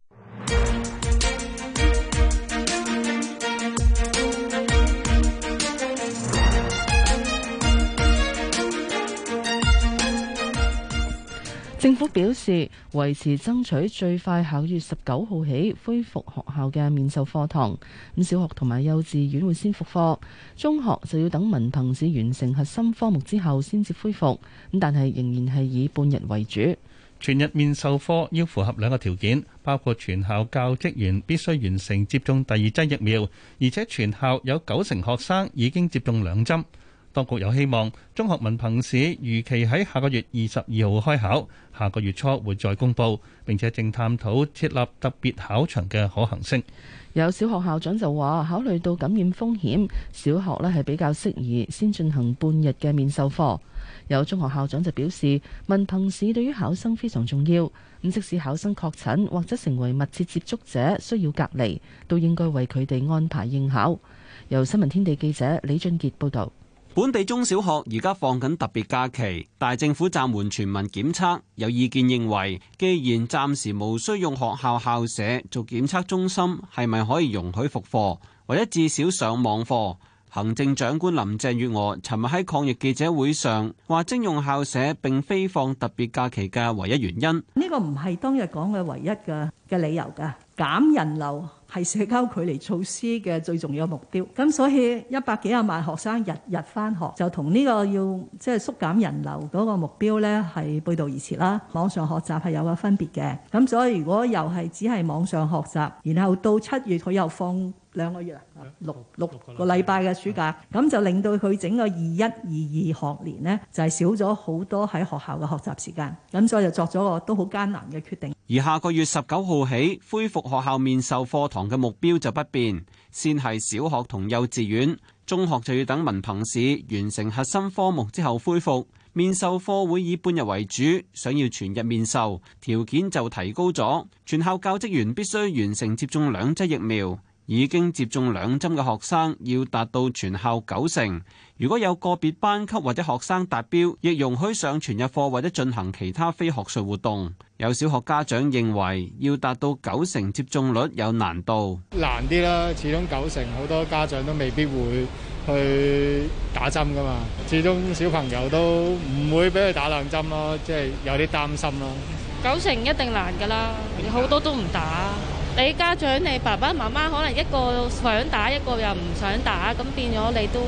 政府表示，維持爭取最快考月十九號起恢復學校嘅面授課堂。咁小學同埋幼稚園會先復課，中學就要等文憑試完成核心科目之後先至恢復。但係仍然係以半日為主，全日面授課要符合兩個條件，包括全校教職員必須完成接種第二劑疫苗，而且全校有九成學生已經接種兩針。當局有希望中學文憑試如期喺下個月二十二號開考，下個月初會再公布，並且正探討設立特別考場嘅可行性。有小學校長就話，考慮到感染風險，小學咧係比較適宜先進行半日嘅面授課。有中學校長就表示，文憑試對於考生非常重要。咁即使考生確診或者成為密切接觸者，需要隔離，都應該為佢哋安排應考。由新聞天地記者李俊杰報道。本地中小學而家放緊特別假期，大政府暫緩全民檢測，有意見認為既然暫時無需用學校校舍做檢測中心，係咪可以容許復課，或者至少上網課？行政長官林鄭月娥尋日喺抗疫記者會上話徵用校舍並非放特別假期嘅唯一原因。呢個唔係當日講嘅唯一嘅嘅理由㗎，減人流。係社交距離措施嘅最重要目標，咁所以一百幾廿萬學生日日返學，就同呢個要即係、就是、縮減人流嗰個目標咧，係背道而馳啦。網上學習係有個分別嘅，咁所以如果又係只係網上學習，然後到七月佢又放。兩個月啊，六六個禮拜嘅暑假，咁、嗯、就令到佢整個二一二二學年呢，就係、是、少咗好多喺學校嘅學習時間。咁所以就作咗個都好艱難嘅決定。而下個月十九號起恢復學校面授課，課堂嘅目標就不變，先係小學同幼稚園，中學就要等文憑試完成核心科目之後恢復面授課，會以半日為主。想要全日面授，條件就提高咗，全校教職員必須完成接種兩劑疫苗。已經接種兩針嘅學生要達到全校九成，如果有個別班級或者學生達標，亦容許上全日課或者進行其他非學術活動。有小學家長認為要達到九成接種率有難度，難啲啦。始終九成好多家長都未必會去打針㗎嘛，始終小朋友都唔會俾佢打兩針咯，即係有啲擔心咯。九成一定難㗎喇，好多都唔打。你家長，你爸爸媽媽可能一個想打，一個又唔想打，咁變咗你都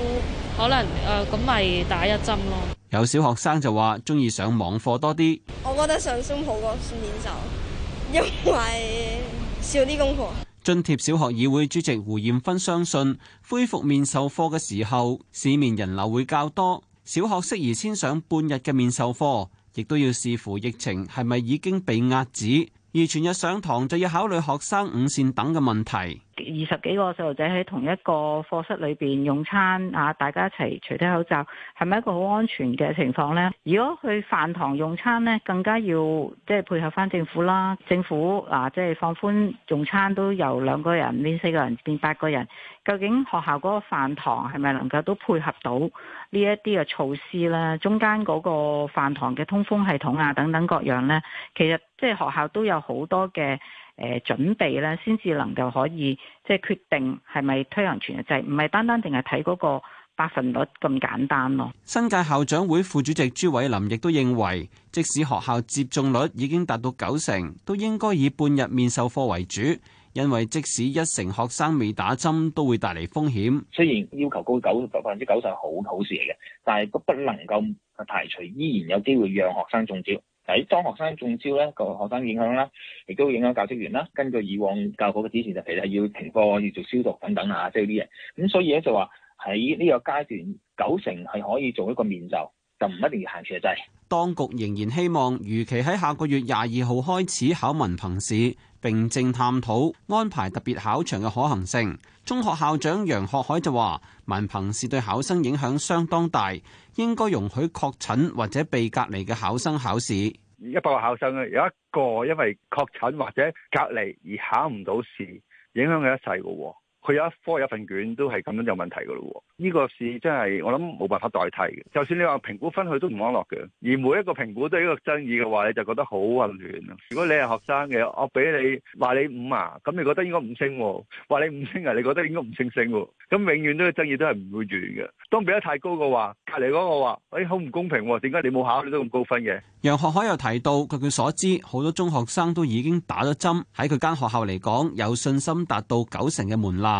可能誒，咁、呃、咪打一針咯。有小學生就話中意上網課多啲，我覺得上 Zoom 好過面授，因為少啲功課。津貼小學議會主席胡艷芬相信，恢復面授課嘅時候，市面人流會較多，小學適宜先上半日嘅面授課，亦都要視乎疫情係咪已經被壓止。而全日上堂就要考慮學生午膳等嘅問題。二十幾個細路仔喺同一個課室裏邊用餐啊，大家一齊除低口罩，係咪一個好安全嘅情況呢？如果去飯堂用餐呢，更加要即係配合返政府啦。政府啊，即係放寬用餐都由兩個人變四個人變八個人。究竟學校嗰個飯堂係咪能夠都配合到？呢一啲嘅措施啦，中間嗰個飯堂嘅通風系統啊，等等各樣咧，其實即係學校都有好多嘅誒準備咧，先至能夠可以即係決定係咪推行全日制，唔係單單淨係睇嗰個百分率咁簡單咯。新界校長會副主席朱偉林亦都認為，即使學校接種率已經達到九成，都應該以半日面授課為主。因為即使一成學生未打針，都會帶嚟風險。雖然要求高九百分之九十係好好事嚟嘅，但係都不能夠排除依然有機會讓學生中招。喺當學生中招咧，個學生影響啦，亦都影響教職員啦。根據以往教育局嘅指示，就其實要停課、要做消毒等等啊，即係啲嘢。咁所以咧就話喺呢個階段九成係可以做一個面罩，就唔一定要行斜制。當局仍然希望如期喺下個月廿二號開始考文憑試。並正探討安排特別考場嘅可行性。中學校長楊學海就話，文憑試對考生影響相當大，應該容許確診或者被隔離嘅考生考試。一百個考生有一個因為確診或者隔離而考唔到試，影響佢一世噶。佢有一科有一份卷都係咁樣有問題嘅咯、哦，呢、這個事真是真係我諗冇辦法代替嘅。就算你話評估分佢都唔安樂嘅，而每一個評估都係一個爭議嘅話，你就覺得好混亂啊！如果你係學生嘅，我俾你話你五啊，咁、嗯、你覺得應該五星喎；話你五星啊，你覺得應該五星星喎。咁、嗯、永遠都係爭議都係唔會完嘅。當俾得太高嘅話，隔離嗰個話，哎，好唔公平喎、啊！點解你冇考慮都咁高分嘅？楊學海又提到，據佢所知，好多中學生都已經打咗針，喺佢間學校嚟講，有信心達到九成嘅門檻。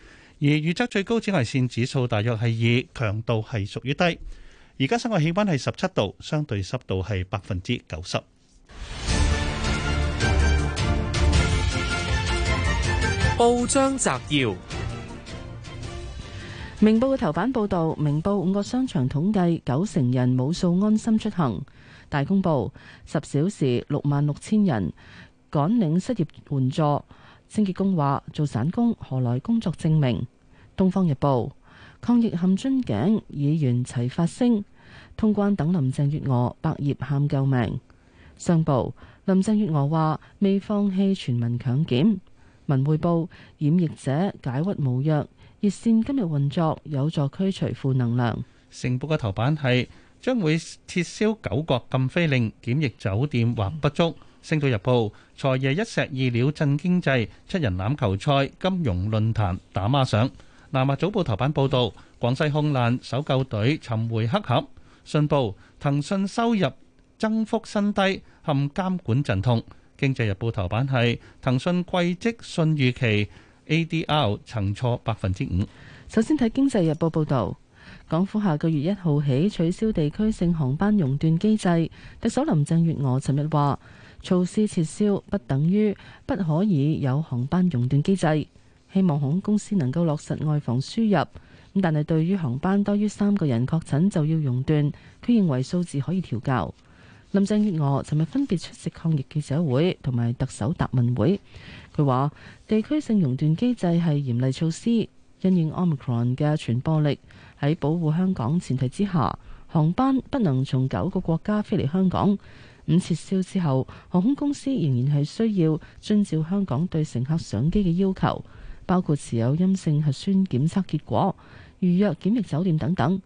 而預測最高紫外線指數大約係二，強度係屬於低。而家室外氣溫係十七度，相對濕度係百分之九十。報章摘要：明報嘅頭版報道，明報五個商場統計，九成人冇數安心出行。大公報十小時六萬六千人趕領失業援助。清潔工話做散工何來工作證明？東方日報抗疫陷樽頸，議員齊發聲。通關等林鄭月娥，百業喊救命。商報，林鄭月娥話未放棄全民強檢。文匯報檢疫者解鬱無藥，熱線今日運作有助驅除負能量。成報嘅頭版係將會撤銷九國禁飛令，檢疫酒店或不足。《星島日報》財爺一石二鳥，振經濟；七人欖球賽，金融論壇打孖上。《南華早報》頭版報道，廣西空難搜救隊尋回黑盒。信報騰訊收入增幅新低，陷監管陣痛。《經濟日報》頭版係騰訊季績遜預期，A D R 曾挫百分之五。首先睇《經濟日報》報道，港府下個月一號起取消地區性航班熔斷機制。特首林鄭月娥尋日話。措施撤銷不等於不可以有航班熔斷機制，希望航空公司能夠落實外防輸入。咁但係對於航班多於三個人確診就要熔斷，佢認為數字可以調校。林鄭月娥尋日分別出席抗疫記者會同埋特首答問會，佢話地區性熔斷機制係嚴厲措施，因應 Omicron 嘅傳播力，喺保護香港前提之下，航班不能從九個國家飛嚟香港。五撤銷之後，航空公司仍然係需要遵照香港對乘客上機嘅要求，包括持有陰性核酸檢測結果、預約檢疫酒店等等。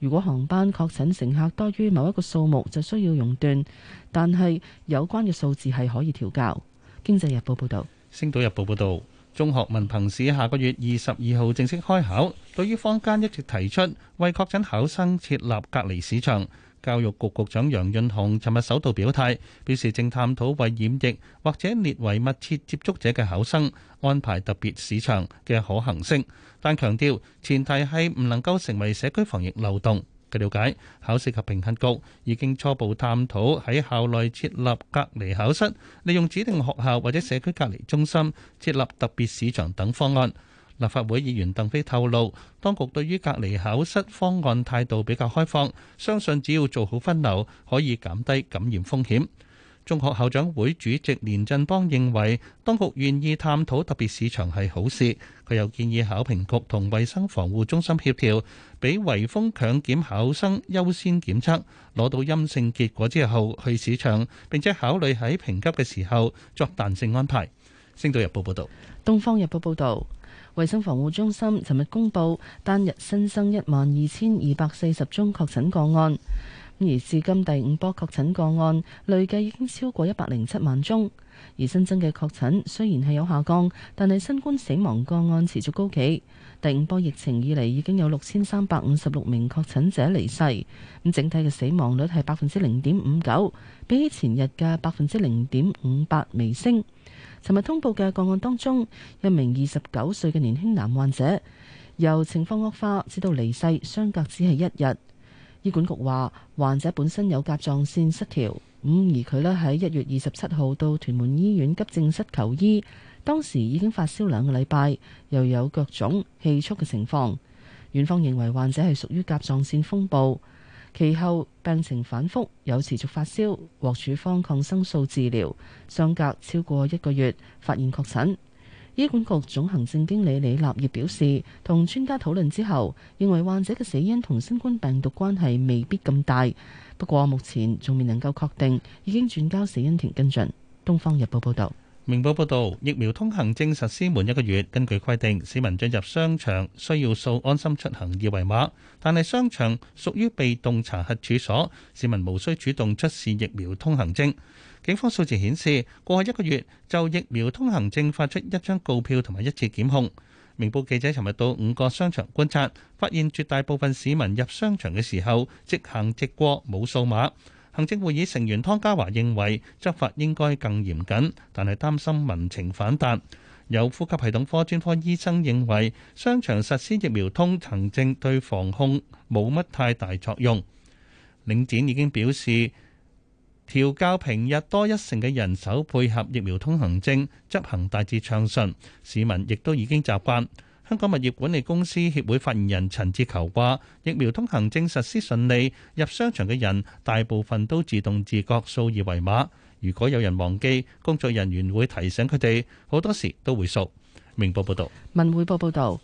如果航班確診乘客多於某一個數目，就需要熔斷，但係有關嘅數字係可以調校。經濟日報報道：星島日報報道，中學文憑試下個月二十二號正式開考，對於坊間一直提出為確診考生設立隔離市場。教育局局長楊潤雄尋日首度表態，表示正探討為染疫或者列為密切接觸者嘅考生安排特別試場嘅可行性，但強調前提係唔能夠成為社區防疫漏洞。據了解，考試及評核局已經初步探討喺校內設立隔離考室，利用指定學校或者社區隔離中心設立特別試場等方案。立法會議員鄧飛透露，當局對於隔離考室方案態度比較開放，相信只要做好分流，可以減低感染風險。中學校長會主席連鎮邦認為，當局願意探討特別市場係好事。佢又建議考評局同衛生防護中心協調，俾圍封強檢考生優先檢測，攞到陰性結果之後去市場。並且考慮喺評級嘅時候作彈性安排。星島日報報道。東方日報報導。衛生防護中心尋日公布單日新增一萬二千二百四十宗確診個案。而至今第五波確診個案累計已經超過一百零七萬宗，而新增嘅確診雖然係有下降，但係新冠死亡個案持續高企。第五波疫情以嚟已經有六千三百五十六名確診者離世，咁整體嘅死亡率係百分之零點五九，比起前日嘅百分之零點五八微升。尋日通報嘅個案當中，一名二十九歲嘅年輕男患者由情況惡化至到離世，相隔只係一日。醫管局話：患者本身有甲狀腺失調，咁、嗯、而佢呢喺一月二十七號到屯門醫院急症室求醫，當時已經發燒兩個禮拜，又有腳腫、氣促嘅情況。院方認為患者係屬於甲狀腺風暴，其後病情反覆，有持續發燒，獲處方抗生素治療，相隔超過一個月，發現確診。醫管局總行政經理李立業表示，同專家討論之後，認為患者嘅死因同新冠病毒關係未必咁大，不過目前仲未能夠確定，已經轉交死因庭跟進。東方日報報道。明報報道，疫苗通行證實施滿一個月，根據規定，市民進入商場需要掃安心出行二維碼，但係商場屬於被動查核處所，市民無需主動出示疫苗通行證。警方數字顯示，過去一個月就疫苗通行證發出一張告票同埋一次檢控。明報記者尋日到五個商場觀察，發現絕大部分市民入商場嘅時候直行直過，冇掃碼。行政會議成員湯家驊認為，執法應該更嚴謹，但係擔心民情反彈。有呼吸系統科專科醫生認為，商場實施疫苗通行證對防控冇乜太大作用。領展已經表示。調校平日多一成嘅人手配合疫苗通行證執行大致暢順，市民亦都已經習慣。香港物業管理公司協會發言人陳志求話，疫苗通行證實施順利，入商場嘅人大部分都自動自覺掃二維碼，如果有人忘記，工作人員會提醒佢哋，好多時都會掃。明報報道，文匯報報道。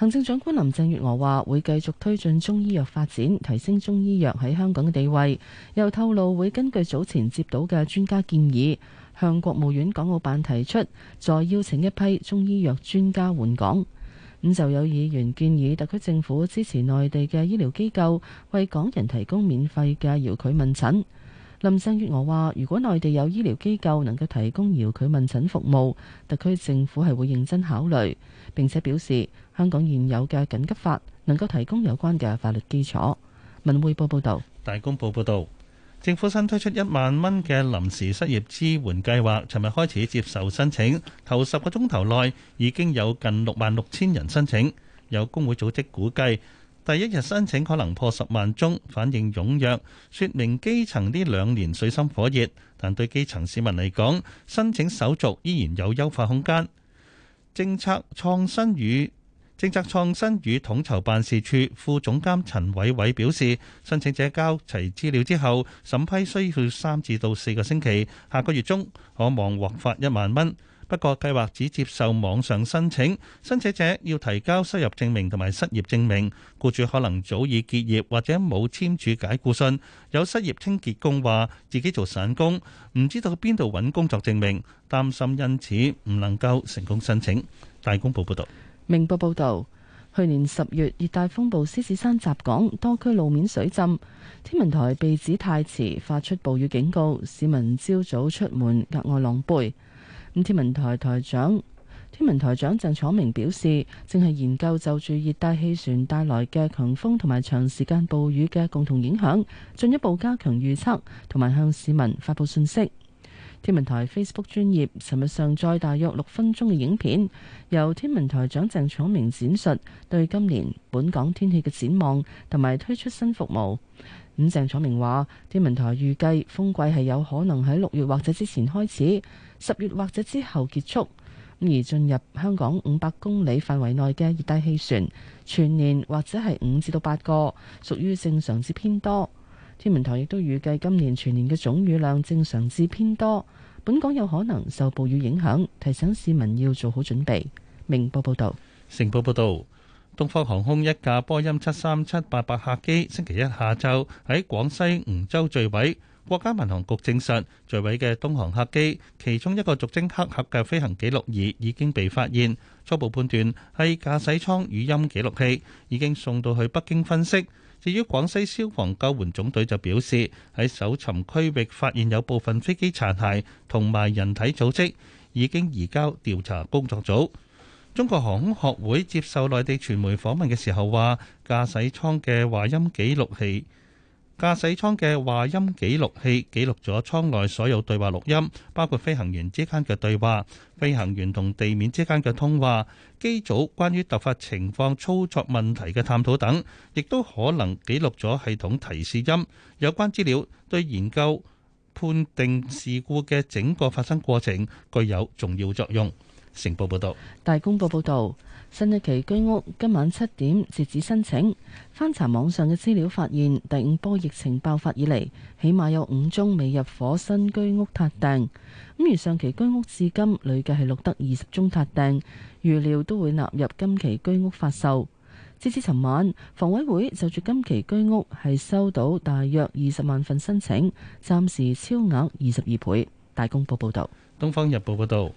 行政長官林鄭月娥話：會繼續推進中醫藥發展，提升中醫藥喺香港嘅地位。又透露會根據早前接到嘅專家建議，向國務院港澳辦提出再邀請一批中醫藥專家援港。咁就有議員建議特區政府支持內地嘅醫療機構為港人提供免費嘅遙距問診。林鄭月娥話：如果內地有醫療機構能夠提供遙距問診服務，特區政府係會認真考慮。並且表示，香港現有嘅緊急法能夠提供有關嘅法律基礎。文匯報報道，大公報報道，政府新推出一萬蚊嘅臨時失業支援計劃，尋日開始接受申請，頭十個鐘頭內已經有近六萬六千人申請。有工會組織估計，第一日申請可能破十萬宗，反應踴躍，說明基層呢兩年水深火熱。但對基層市民嚟講，申請手續依然有優化空間。政策創新與政策創新與統籌辦事處副總監陳偉偉表示，申請者交齊資料之後，審批需要三至到四個星期，下個月中可望獲發一萬蚊。不過，計劃只接受網上申請，申請者要提交收入證明同埋失業證明。僱主可能早已結業或者冇簽署解僱信。有失業清潔工話，自己做散工，唔知道邊度揾工作證明，擔心因此唔能夠成功申請。大公報報道。明報報導，去年十月熱帶風暴獅子山襲港，多區路面水浸。天文台被指太遲發出暴雨警告，市民朝早出門額外狼狽。咁天文台台長，天文台長鄭楚明表示，正係研究就住熱帶氣旋帶來嘅強風同埋長時間暴雨嘅共同影響，進一步加強預測同埋向市民發布信息。天文台 Facebook 專頁尋日上載大約六分鐘嘅影片，由天文台長鄭楚明展述對今年本港天氣嘅展望，同埋推出新服務。咁鄭楚明話，天文台預計風季係有可能喺六月或者之前開始，十月或者之後結束。咁而進入香港五百公里範圍內嘅熱帶氣旋，全年或者係五至到八個，屬於正常至偏多。天文台亦都預計今年全年嘅總雨量正常至偏多，本港有可能受暴雨影響，提醒市民要做好準備。明報報道：「成報報道，東方航空一架波音七三七八八客機星期一下晝喺廣西梧州墜毀，國家民航局證實墜毀嘅東航客機其中一個俗稱黑客」嘅飛行記錄儀已經被發現，初步判斷係駕駛艙語音記錄器，已經送到去北京分析。至於廣西消防救援總隊就表示，喺搜尋區域發現有部分飛機殘骸同埋人體組織，已經移交調查工作組。中國航空學會接受內地傳媒訪問嘅時候話，駕駛艙嘅話音記錄器。駕駛艙嘅話音記錄器記錄咗艙內所有對話錄音，包括飛行員之間嘅對話、飛行員同地面之間嘅通話、機組關於突發情況操作問題嘅探討等，亦都可能記錄咗系統提示音。有關資料對研究判定事故嘅整個發生過程具有重要作用。成報報導，大公報報導， 新一期居屋今晚七點截止申請。翻查網上嘅資料，發現第五波疫情爆發以嚟，起碼有五宗未入夥新居屋塌訂。咁而上期居屋至今累計係錄得二十宗塌訂，預料都會納入今期居屋發售。截至尋晚，房委會就住今期居屋係收到大約二十萬份申請，暫時超額二十二倍。大公報報導，東方日報報導。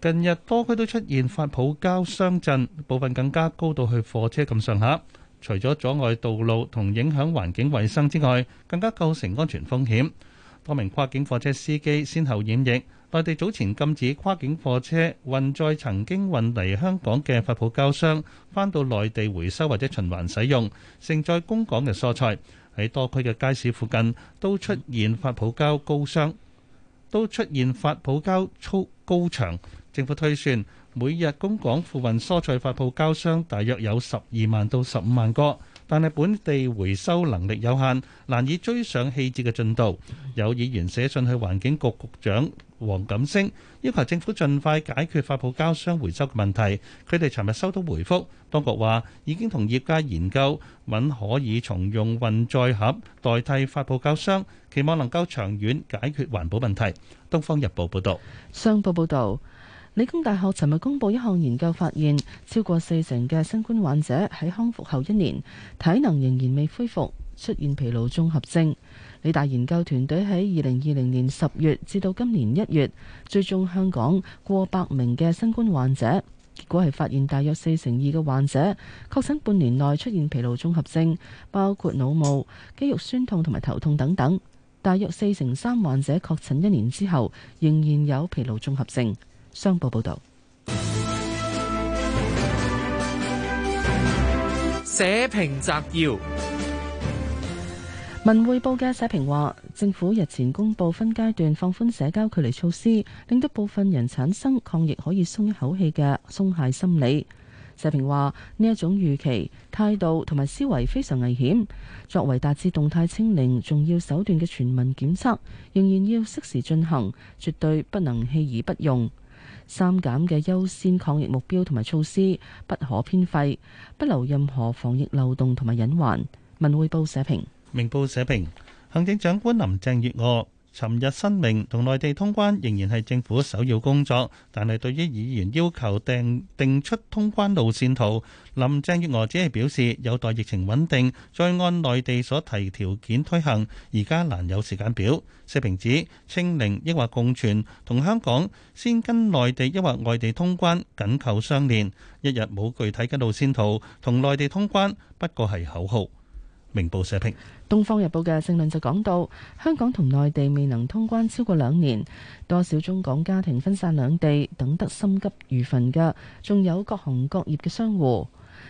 近日多區都出現發泡膠箱陣，部分更加高到去貨車咁上下。除咗阻礙道路同影響環境衛生之外，更加構成安全風險。多名跨境貨車司機先後染疫。內地早前禁止跨境貨車運載曾經運嚟香港嘅發泡膠箱，翻到內地回收或者循環使用。盛載供港嘅蔬菜喺多區嘅街市附近都出現發泡膠高箱，都出現發泡膠粗高牆。政府推算，每日供港附運蔬菜發泡膠箱大約有十二萬到十五萬個，但係本地回收能力有限，難以追上棄置嘅進度。有議員寫信去環境局局長黃錦星，要求政府盡快解決發泡膠箱回收嘅問題。佢哋尋日收到回覆，當局話已經同業界研究，可唔可以重用運載盒代替發泡膠箱，期望能夠長遠解決環保問題。東方日報報道，商報報道。理工大學尋日公布一項研究，發現超過四成嘅新冠患者喺康復後一年，體能仍然未恢復，出現疲勞綜合症。理大研究團隊喺二零二零年十月至到今年一月，追蹤香港過百名嘅新冠患者，結果係發現大約四成二嘅患者確診半年內出現疲勞綜合症，包括腦霧、肌肉酸痛同埋頭痛等等。大約四成三患者確診一年之後，仍然有疲勞綜合症。商報報道，社評摘要：文匯報嘅社評話，政府日前公布分階段放寬社交距離措施，令到部分人產生抗疫可以鬆一口氣嘅鬆懈心理。社評話呢一種預期態度同埋思維非常危險。作為達至動態清零重要手段嘅全民檢測，仍然要適時進行，絕對不能棄而不用。三減嘅優先抗疫目標同埋措施不可偏廢，不留任何防疫漏洞同埋隱患。文匯報社評，明報社評，行政長官林鄭月娥。尋日申明同內地通關仍然係政府首要工作，但係對於議員要求訂訂出通關路線圖，林鄭月娥只係表示有待疫情穩定，再按內地所提條件推行，而家難有時間表。社評指清零抑或共存同香港先跟內地抑或外地通關緊扣相連，一日冇具體嘅路線圖，同內地通關不過係口號。明報社評，《東方日報》嘅正論就講到，香港同內地未能通關超過兩年，多少中港家庭分散兩地，等得心急如焚嘅，仲有各行各業嘅商戶。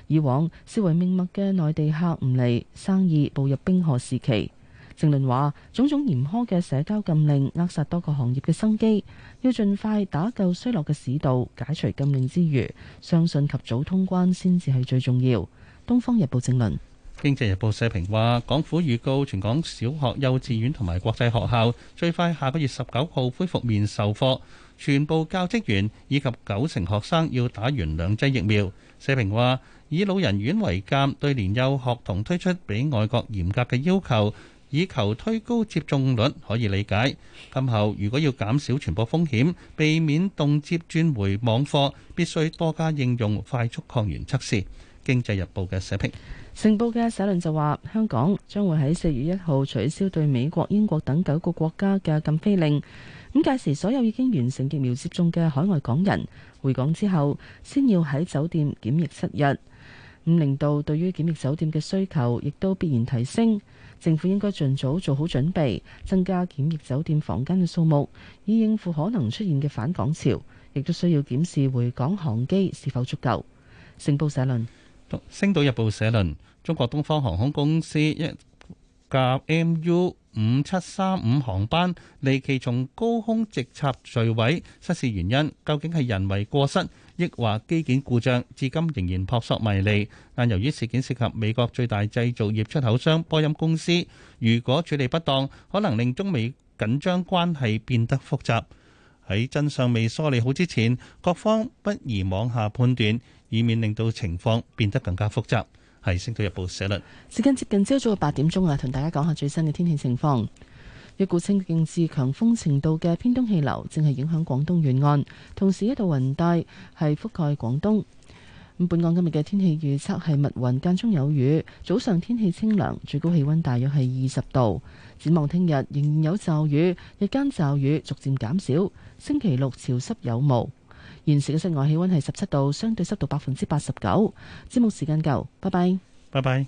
以往視為命脈嘅內地客唔嚟，生意步入冰河時期。正論話，種種嚴苛嘅社交禁令扼殺多個行業嘅生機，要盡快打救衰落嘅市道，解除禁令之餘，相信及早通關先至係最重要。《東方日報》正論。《經濟日報》社評話，港府預告全港小學、幼稚園同埋國際學校最快下個月十九號恢復面授課，全部教職員以及九成學生要打完兩劑疫苗。社評話，以老人院為鑑，對年幼學童推出比外國嚴格嘅要求，以求推高接種率，可以理解。今後如果要減少傳播風險，避免動輒轉回網課，必須多加應用快速抗原測試。《經濟日報》嘅社評。成報嘅社論就話，香港將會喺四月一號取消對美國、英國等九個國家嘅禁飛令。咁屆時所有已經完成疫苗接種嘅海外港人回港之後，先要喺酒店檢疫七日。咁令到對於檢疫酒店嘅需求亦都必然提升。政府應該盡早做好準備，增加檢疫酒店房間嘅數目，以應付可能出現嘅返港潮。亦都需要檢視回港航機是否足夠。成報社論。星島日報社論。中國東方航空公司一架 MU 五七三五航班離奇從高空直插墜毀，失事原因究竟係人為過失，抑或機件故障，至今仍然撲朔迷離。但由於事件涉及美國最大製造業出口商波音公司，如果處理不當，可能令中美緊張關係變得複雜。喺真相未梳理好之前，各方不宜妄下判斷，以免令到情況變得更加複雜。係《星島日報》社論，時間接近朝早八點鐘啊，同大家講下最新嘅天氣情況。一股清勁至強風程度嘅偏東氣流正係影響廣東沿岸，同時一道雲帶係覆蓋廣東。咁，本港今日嘅天氣預測係密雲間中有雨，早上天氣清涼，最高氣溫大約係二十度。展望聽日仍然有驟雨，日間驟雨逐漸減少，星期六潮濕有霧。現時嘅室外氣溫係十七度，相對濕度百分之八十九。節目時間夠，拜拜。拜拜。